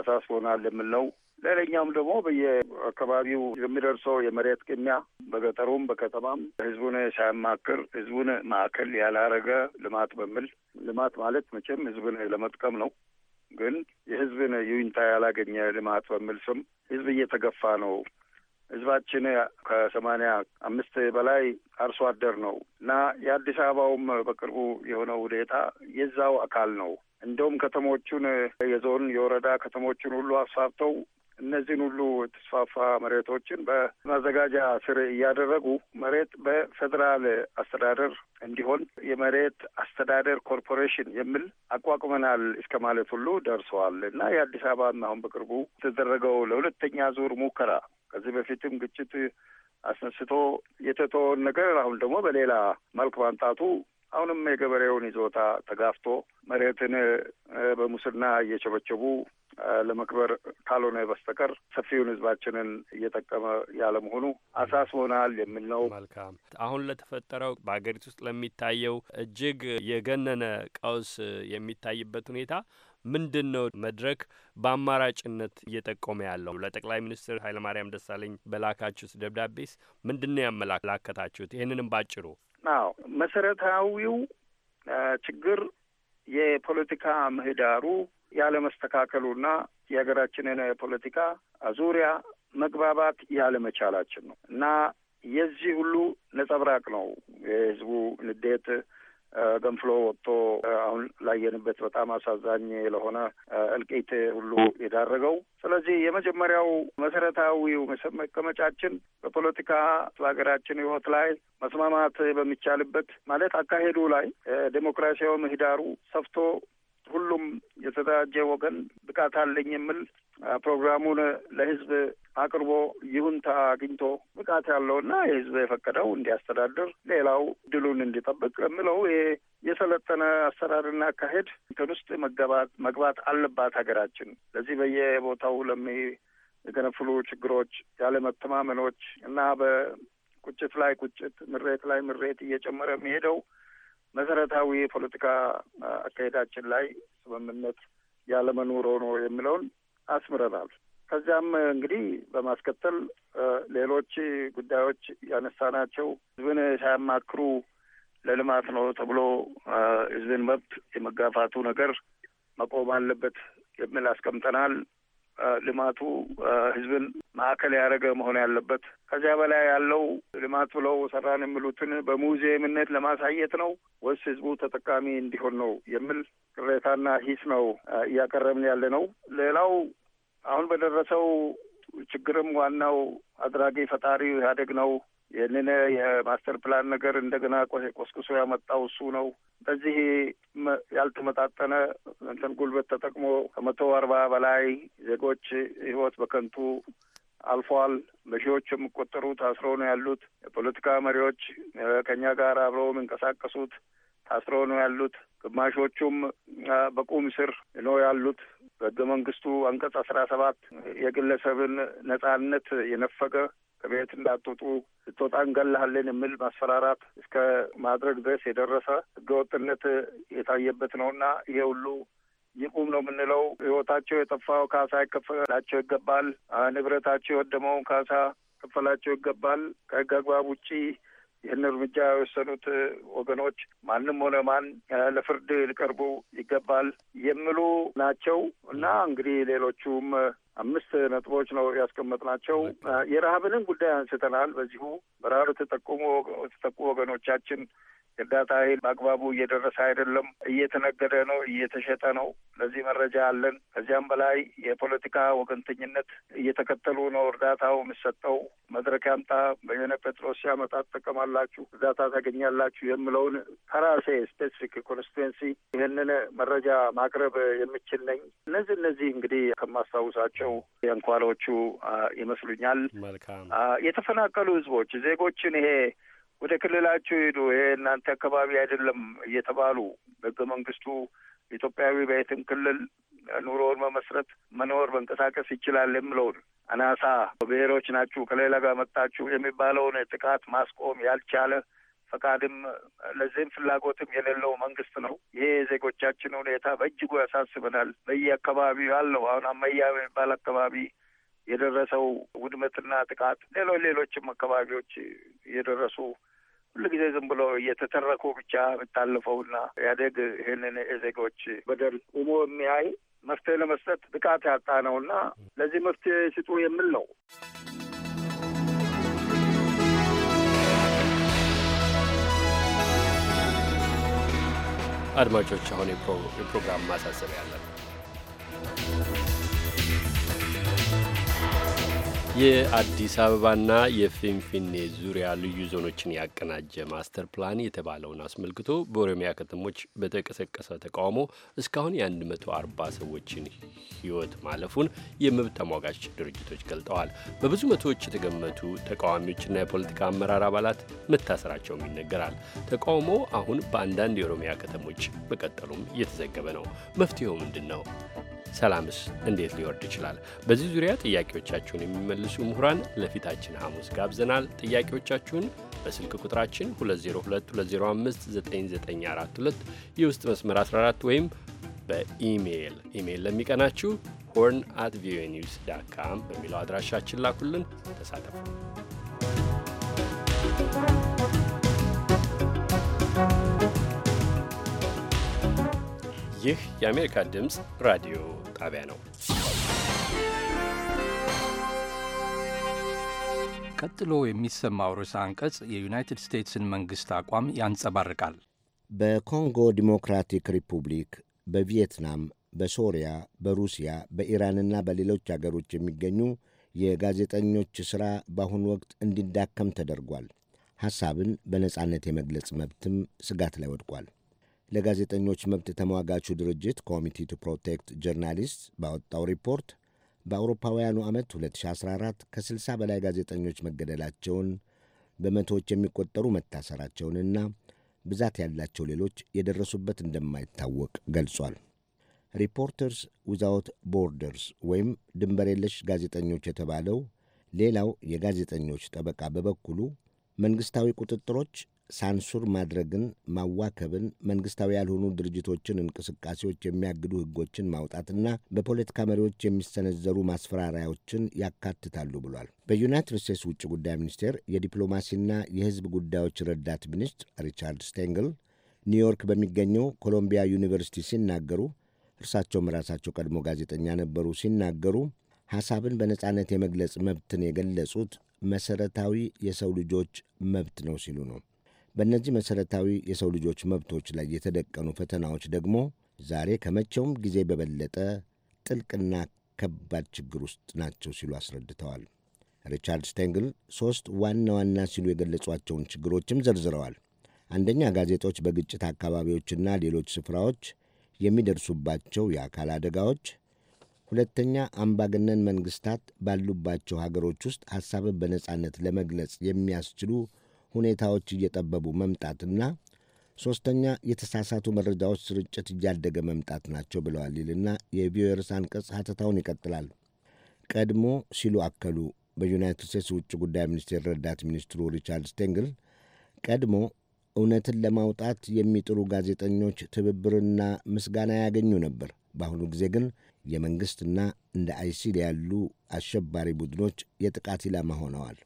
አሳስቦናል የምል ነው። ሌላኛውም ደግሞ በየአካባቢው የሚደርሰው የመሬት ቅሚያ በገጠሩም በከተማም ህዝቡን ሳያማክር ህዝቡን ማዕከል ያላረገ ልማት በሚል ልማት ማለት መቼም ህዝብን ለመጥቀም ነው። ግን የህዝብን ይሁንታ ያላገኘ ልማት በሚል ስም ህዝብ እየተገፋ ነው። ህዝባችን ከሰማንያ አምስት በላይ አርሶ አደር ነው እና የአዲስ አበባውም በቅርቡ የሆነው ሁኔታ የዛው አካል ነው። እንደውም ከተሞቹን የዞን የወረዳ ከተሞቹን ሁሉ አሳብተው እነዚህን ሁሉ የተስፋፋ መሬቶችን በማዘጋጃ ስር እያደረጉ መሬት በፌዴራል አስተዳደር እንዲሆን የመሬት አስተዳደር ኮርፖሬሽን የሚል አቋቁመናል እስከ ማለት ሁሉ ደርሰዋል እና የአዲስ አበባም አሁን በቅርቡ የተደረገው ለሁለተኛ ዙር ሙከራ ከዚህ በፊትም ግጭት አስነስቶ የተተወን ነገር አሁን ደግሞ በሌላ መልክ ማምጣቱ አሁንም የገበሬውን ይዞታ ተጋፍቶ መሬትን በሙስና እየቸበቸቡ ለመክበር ካልሆነ በስተቀር ሰፊውን ህዝባችንን እየጠቀመ ያለመሆኑ አሳስቦናል የሚል ነው። መልካም።
አሁን ለተፈጠረው በሀገሪቱ ውስጥ ለሚታየው እጅግ የገነነ ቀውስ የሚታይበት ሁኔታ ምንድን ነው መድረክ በአማራጭነት እየጠቆመ ያለው? ለጠቅላይ ሚኒስትር ኃይለማርያም ደሳለኝ በላካችሁት ደብዳቤስ ምንድን ነው ያመላከታችሁት? ይህንንም ባጭሩ።
አዎ መሰረታዊው ችግር የፖለቲካ ምህዳሩ ያለመስተካከሉና የሀገራችንን የፖለቲካ ዙሪያ መግባባት ያለመቻላችን ነው እና የዚህ ሁሉ ነጸብራቅ ነው የህዝቡ ንዴት ገንፍሎ ወጥቶ አሁን ላየንበት በጣም አሳዛኝ ለሆነ እልቂት ሁሉ የዳረገው። ስለዚህ የመጀመሪያው መሰረታዊው መቀመጫችን በፖለቲካ በሀገራችን ህይወት ላይ መስማማት በሚቻልበት ማለት አካሄዱ ላይ ዴሞክራሲያዊ ምህዳሩ ሰፍቶ ሁሉም የተደራጀ ወገን ብቃት አለኝ የሚል ፕሮግራሙን ለህዝብ አቅርቦ ይሁንታ አግኝቶ ብቃት ያለውና የህዝብ የፈቀደው እንዲያስተዳድር፣ ሌላው ድሉን እንዲጠብቅ የምለው ይሄ የሰለጠነ አሰራርና አካሄድ እንትን ውስጥ መገባት መግባት አለባት ሀገራችን ለዚህ በየቦታው ለሚገነፍሉ ችግሮች፣ ያለ መተማመኖች እና በቁጭት ላይ ቁጭት፣ ምሬት ላይ ምሬት እየጨመረ የሚሄደው መሰረታዊ የፖለቲካ አካሄዳችን ላይ ስምምነት ያለመኖር ሆኖ የሚለውን አስምረናል። ከዚያም እንግዲህ በማስከተል ሌሎች ጉዳዮች ያነሳናቸው ህዝብን ሳያማክሩ ለልማት ነው ተብሎ ህዝብን መብት የመጋፋቱ ነገር መቆም አለበት የሚል አስቀምጠናል። ልማቱ ህዝብን ማዕከል ያደረገ መሆን ያለበት ከዚያ በላይ ያለው ልማት ብለው ሰራን የሚሉትን በሙዚየምነት ለማሳየት ነው ወይስ ህዝቡ ተጠቃሚ እንዲሆን ነው የሚል ቅሬታና ሂስ ነው እያቀረብን ያለ ነው። ሌላው አሁን በደረሰው ችግርም ዋናው አድራጊ ፈጣሪው ኢህአዴግ ነው ይህንን የማስተር ፕላን ነገር እንደገና ቆስቁሶ ያመጣው እሱ ነው። በዚህ ያልተመጣጠነ እንትን ጉልበት ተጠቅሞ ከመቶ አርባ በላይ ዜጎች ህይወት በከንቱ አልፏል። በሺዎች የሚቆጠሩ ታስሮ ነው ያሉት። የፖለቲካ መሪዎች ከኛ ጋር አብረው የሚንቀሳቀሱት ታስሮ ነው ያሉት። ግማሾቹም በቁም ስር ነው ያሉት። በህገ መንግስቱ አንቀጽ አስራ ሰባት የግለሰብን ነጻነት የነፈገ ከቤት እንዳትወጡ ስትወጣ እንገላሃለን የሚል ማስፈራራት እስከ ማድረግ ድረስ የደረሰ ህገወጥነት የታየበት እና ይሄ ሁሉ ይቁም ነው የምንለው። ህይወታቸው የጠፋው ካሳ ይከፈላቸው ይገባል። ንብረታቸው የወደመውን ካሳ ከፈላቸው ይገባል። ከህግ አግባብ ውጪ ይህን እርምጃ የወሰኑት ወገኖች ማንም ሆነ ማን ለፍርድ ሊቀርቡ ይገባል የሚሉ ናቸው እና እንግዲህ ሌሎቹም አምስት ነጥቦች ነው ያስቀመጥናቸው። የረሀብንም ጉዳይ አንስተናል። በዚሁ በረሀብ የተጠቁሙ የተጠቁ ወገኖቻችን እርዳታ እህል በአግባቡ እየደረሰ አይደለም። እየተነገደ ነው፣ እየተሸጠ ነው። ለዚህ መረጃ አለን። ከዚያም በላይ የፖለቲካ ወገንተኝነት እየተከተሉ ነው እርዳታው የሚሰጠው። መድረክ ያምጣ በየነ ጴጥሮስ ሲያመጣ ትጠቀማላችሁ፣ እርዳታ ታገኛላችሁ የሚለውን ከራሴ ስፔሲፊክ ኮንስቲቱንሲ ይህንን መረጃ ማቅረብ የምችል ነኝ። እነዚህ እነዚህ እንግዲህ ከማስታውሳቸው ናቸው የእንኳሮቹ ይመስሉኛል። መልካም የተፈናቀሉ ህዝቦች ዜጎችን ይሄ ወደ ክልላችሁ ሄዱ ይሄ እናንተ አካባቢ አይደለም እየተባሉ በህገ መንግስቱ ኢትዮጵያዊ በየትም ክልል ኑሮውን መመስረት፣ መኖር፣ መንቀሳቀስ ይችላል የምለውን አናሳ ብሔሮች ናችሁ ከሌላ ጋር መጣችሁ የሚባለውን ጥቃት ማስቆም ያልቻለ ፈቃድም ለዚህም ፍላጎትም የሌለው መንግስት ነው። ይሄ የዜጎቻችን ሁኔታ በእጅጉ ያሳስበናል። በየአካባቢው ያለው አሁን አመያ የሚባል አካባቢ የደረሰው ውድመትና ጥቃት፣ ሌሎች ሌሎችም አካባቢዎች የደረሱ ሁልጊዜ ዝም ብሎ እየተተረኩ ብቻ የምታልፈውና ኢህአዴግ ይህንን የዜጎች በደል ቆሞ የሚያይ መፍትሄ ለመስጠት ብቃት ያጣ ነውና ለዚህ መፍትሄ ስጡ የሚል ነው።
አድማጮች አሁን የፕሮግራም ማሳሰቢያ ያለን የአዲስ አበባና የፊንፊኔ ዙሪያ ልዩ ዞኖችን ያቀናጀ ማስተር ፕላን የተባለውን አስመልክቶ በኦሮሚያ ከተሞች በተቀሰቀሰ ተቃውሞ እስካሁን የ140 ሰዎችን ሕይወት ማለፉን የመብት ተሟጋች ድርጅቶች ገልጠዋል። በብዙ መቶዎች የተገመቱ ተቃዋሚዎችና የፖለቲካ አመራር አባላት መታሰራቸውም ይነገራል። ተቃውሞ አሁን በአንዳንድ የኦሮሚያ ከተሞች መቀጠሉም እየተዘገበ ነው። መፍትሄው ምንድን ነው? ሰላምስ እንዴት ሊወርድ ይችላል? በዚህ ዙሪያ ጥያቄዎቻችሁን የሚመልሱ ምሁራን ለፊታችን ሐሙስ ጋብዘናል። ጥያቄዎቻችሁን በስልክ ቁጥራችን 2022059942 የውስጥ መስመር 14 ወይም በኢሜይል ኢሜይል ለሚቀናችሁ ሆርን አት ቪኦኤ ኒውስ ዳት ካም በሚለው አድራሻችን ላኩልን። ተሳተፉ። ይህ የአሜሪካ ድምፅ ራዲዮ ጣቢያ ነው። ቀጥሎ የሚሰማው ርዕሰ አንቀጽ የዩናይትድ ስቴትስን መንግሥት አቋም ያንጸባርቃል።
በኮንጎ ዲሞክራቲክ ሪፑብሊክ፣ በቪየትናም፣ በሶሪያ፣ በሩሲያ፣ በኢራንና በሌሎች አገሮች የሚገኙ የጋዜጠኞች ሥራ በአሁኑ ወቅት እንዲዳከም ተደርጓል። ሐሳብን በነጻነት የመግለጽ መብትም ስጋት ላይ ወድቋል። ለጋዜጠኞች መብት ተሟጋቹ ድርጅት ኮሚቲ ቱ ፕሮቴክት ጀርናሊስት ባወጣው ሪፖርት በአውሮፓውያኑ ዓመት 2014 ከ60 በላይ ጋዜጠኞች መገደላቸውን በመቶዎች የሚቆጠሩ መታሰራቸውንና ብዛት ያላቸው ሌሎች የደረሱበት እንደማይታወቅ ገልጿል። ሪፖርተርስ ዊዛውት ቦርደርስ ወይም ድንበር የለሽ ጋዜጠኞች የተባለው ሌላው የጋዜጠኞች ጠበቃ በበኩሉ መንግሥታዊ ቁጥጥሮች ሳንሱር ማድረግን፣ ማዋከብን፣ መንግሥታዊ ያልሆኑ ድርጅቶችን እንቅስቃሴዎች የሚያግዱ ሕጎችን ማውጣትና በፖለቲካ መሪዎች የሚሰነዘሩ ማስፈራሪያዎችን ያካትታሉ ብሏል። በዩናይትድ ስቴትስ ውጭ ጉዳይ ሚኒስቴር የዲፕሎማሲና የሕዝብ ጉዳዮች ረዳት ሚኒስትር ሪቻርድ ስቴንግል ኒውዮርክ በሚገኘው ኮሎምቢያ ዩኒቨርሲቲ ሲናገሩ እርሳቸውም ራሳቸው ቀድሞ ጋዜጠኛ ነበሩ። ሲናገሩ ሐሳብን በነጻነት የመግለጽ መብትን የገለጹት መሠረታዊ የሰው ልጆች መብት ነው ሲሉ ነው። በእነዚህ መሠረታዊ የሰው ልጆች መብቶች ላይ የተደቀኑ ፈተናዎች ደግሞ ዛሬ ከመቼውም ጊዜ በበለጠ ጥልቅና ከባድ ችግር ውስጥ ናቸው ሲሉ አስረድተዋል። ሪቻርድ ስቴንግል ሦስት ዋና ዋና ሲሉ የገለጿቸውን ችግሮችም ዘርዝረዋል። አንደኛ፣ ጋዜጦች በግጭት አካባቢዎችና ሌሎች ስፍራዎች የሚደርሱባቸው የአካል አደጋዎች። ሁለተኛ፣ አምባገነን መንግስታት ባሉባቸው ሀገሮች ውስጥ ሐሳብን በነጻነት ለመግለጽ የሚያስችሉ ሁኔታዎች እየጠበቡ መምጣትና ሦስተኛ የተሳሳቱ መረጃዎች ስርጭት እያደገ መምጣት ናቸው ብለዋል ይልና የቪዮርስ አንቀጽ ሐተታውን ይቀጥላል። ቀድሞ ሲሉ አከሉ በዩናይትድ ስቴትስ ውጭ ጉዳይ ሚኒስቴር ረዳት ሚኒስትሩ ሪቻርድ ስቴንግል ቀድሞ እውነትን ለማውጣት የሚጥሩ ጋዜጠኞች ትብብርና ምስጋና ያገኙ ነበር። በአሁኑ ጊዜ ግን የመንግሥትና እንደ አይሲል ያሉ አሸባሪ ቡድኖች የጥቃት ኢላማ ሆነዋል።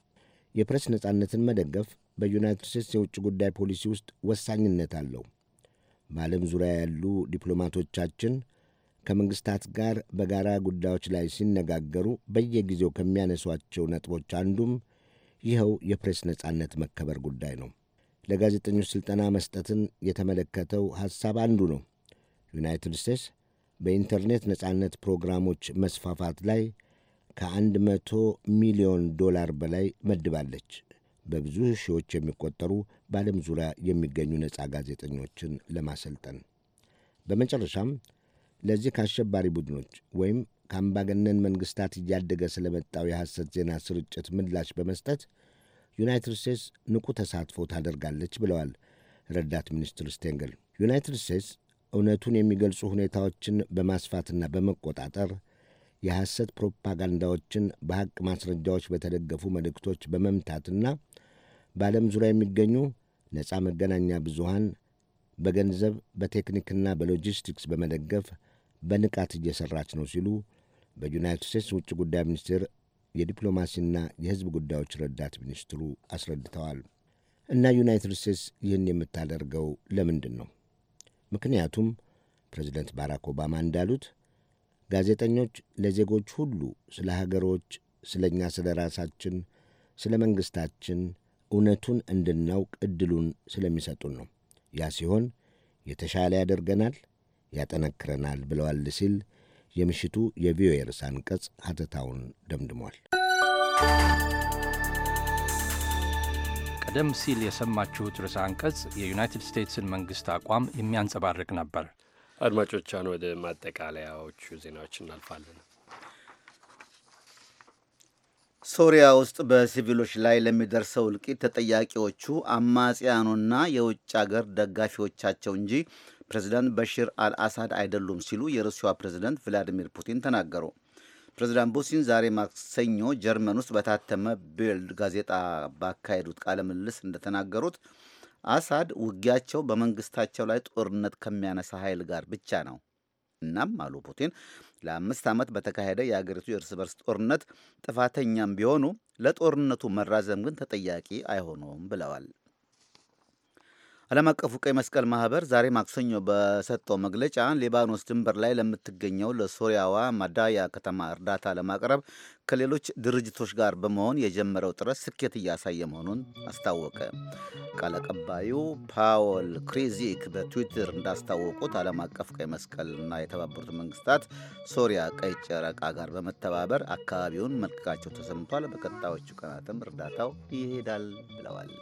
የፕሬስ ነጻነትን መደገፍ በዩናይትድ ስቴትስ የውጭ ጉዳይ ፖሊሲ ውስጥ ወሳኝነት አለው። በዓለም ዙሪያ ያሉ ዲፕሎማቶቻችን ከመንግሥታት ጋር በጋራ ጉዳዮች ላይ ሲነጋገሩ በየጊዜው ከሚያነሷቸው ነጥቦች አንዱም ይኸው የፕሬስ ነጻነት መከበር ጉዳይ ነው። ለጋዜጠኞች ሥልጠና መስጠትን የተመለከተው ሐሳብ አንዱ ነው። ዩናይትድ ስቴትስ በኢንተርኔት ነጻነት ፕሮግራሞች መስፋፋት ላይ ከአንድ መቶ ሚሊዮን ዶላር በላይ መድባለች። በብዙ ሺዎች የሚቆጠሩ በዓለም ዙሪያ የሚገኙ ነፃ ጋዜጠኞችን ለማሰልጠን። በመጨረሻም ለዚህ ከአሸባሪ ቡድኖች ወይም ከአምባገነን መንግሥታት እያደገ ስለመጣው የሐሰት ዜና ስርጭት ምላሽ በመስጠት ዩናይትድ ስቴትስ ንቁ ተሳትፎ ታደርጋለች ብለዋል ረዳት ሚኒስትር ስቴንግል። ዩናይትድ ስቴትስ እውነቱን የሚገልጹ ሁኔታዎችን በማስፋትና በመቆጣጠር የሐሰት ፕሮፓጋንዳዎችን በሐቅ ማስረጃዎች በተደገፉ መልእክቶች በመምታትና በዓለም ዙሪያ የሚገኙ ነፃ መገናኛ ብዙሃን በገንዘብ በቴክኒክና በሎጂስቲክስ በመደገፍ በንቃት እየሠራች ነው ሲሉ በዩናይትድ ስቴትስ ውጭ ጉዳይ ሚኒስቴር የዲፕሎማሲና የሕዝብ ጉዳዮች ረዳት ሚኒስትሩ አስረድተዋል። እና ዩናይትድ ስቴትስ ይህን የምታደርገው ለምንድን ነው? ምክንያቱም ፕሬዚደንት ባራክ ኦባማ እንዳሉት ጋዜጠኞች ለዜጎች ሁሉ ስለ ሀገሮች፣ ስለ እኛ፣ ስለ ራሳችን፣ ስለ መንግሥታችን እውነቱን እንድናውቅ ዕድሉን ስለሚሰጡን ነው። ያ ሲሆን የተሻለ ያደርገናል፣ ያጠነክረናል ብለዋል ሲል የምሽቱ የቪኦኤ ርዕሰ አንቀጽ ሀተታውን ደምድሟል።
ቀደም ሲል የሰማችሁት ርዕሰ አንቀጽ የዩናይትድ ስቴትስን መንግሥት አቋም የሚያንጸባርቅ ነበር። አድማጮች ወደ ማጠቃለያዎቹ ዜናዎች እናልፋለን። ሶሪያ ውስጥ
በሲቪሎች ላይ ለሚደርሰው እልቂት ተጠያቂዎቹ አማጽያኑና የውጭ አገር ደጋፊዎቻቸው እንጂ ፕሬዚዳንት በሽር አልአሳድ አይደሉም ሲሉ የሩሲያ ፕሬዚዳንት ቭላዲሚር ፑቲን ተናገሩ። ፕሬዚዳንት ፑቲን ዛሬ ማክሰኞ ጀርመን ውስጥ በታተመ ቢልድ ጋዜጣ ባካሄዱት ቃለ ምልልስ እንደተናገሩት አሳድ ውጊያቸው በመንግስታቸው ላይ ጦርነት ከሚያነሳ ኃይል ጋር ብቻ ነው። እናም አሉ ፑቲን፣ ለአምስት ዓመት በተካሄደ የአገሪቱ የእርስ በርስ ጦርነት ጥፋተኛም ቢሆኑ ለጦርነቱ መራዘም ግን ተጠያቂ አይሆኑም ብለዋል። ዓለም አቀፉ ቀይ መስቀል ማህበር ዛሬ ማክሰኞ በሰጠው መግለጫ ሊባኖስ ድንበር ላይ ለምትገኘው ለሶሪያዋ ማዳያ ከተማ እርዳታ ለማቅረብ ከሌሎች ድርጅቶች ጋር በመሆን የጀመረው ጥረት ስኬት እያሳየ መሆኑን አስታወቀ። ቃል አቀባዩ ፓወል ክሪዚክ በትዊተር እንዳስታወቁት ዓለም አቀፍ ቀይ መስቀልና የተባበሩት መንግስታት ሶሪያ ቀይ ጨረቃ ጋር በመተባበር አካባቢውን መልቀቃቸው ተሰምቷል። በቀጣዮቹ
ቀናትም እርዳታው ይሄዳል ብለዋል።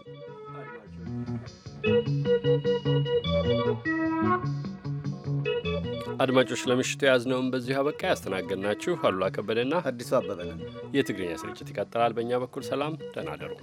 አድማጮች ለምሽቱ የያዝነውን በዚሁ አበቃ። ያስተናገድናችሁ አሉላ ከበደና አዲሱ አበበ። የትግርኛ ስርጭት ይቀጥላል። በእኛ በኩል ሰላም፣ ደህና ደሩ።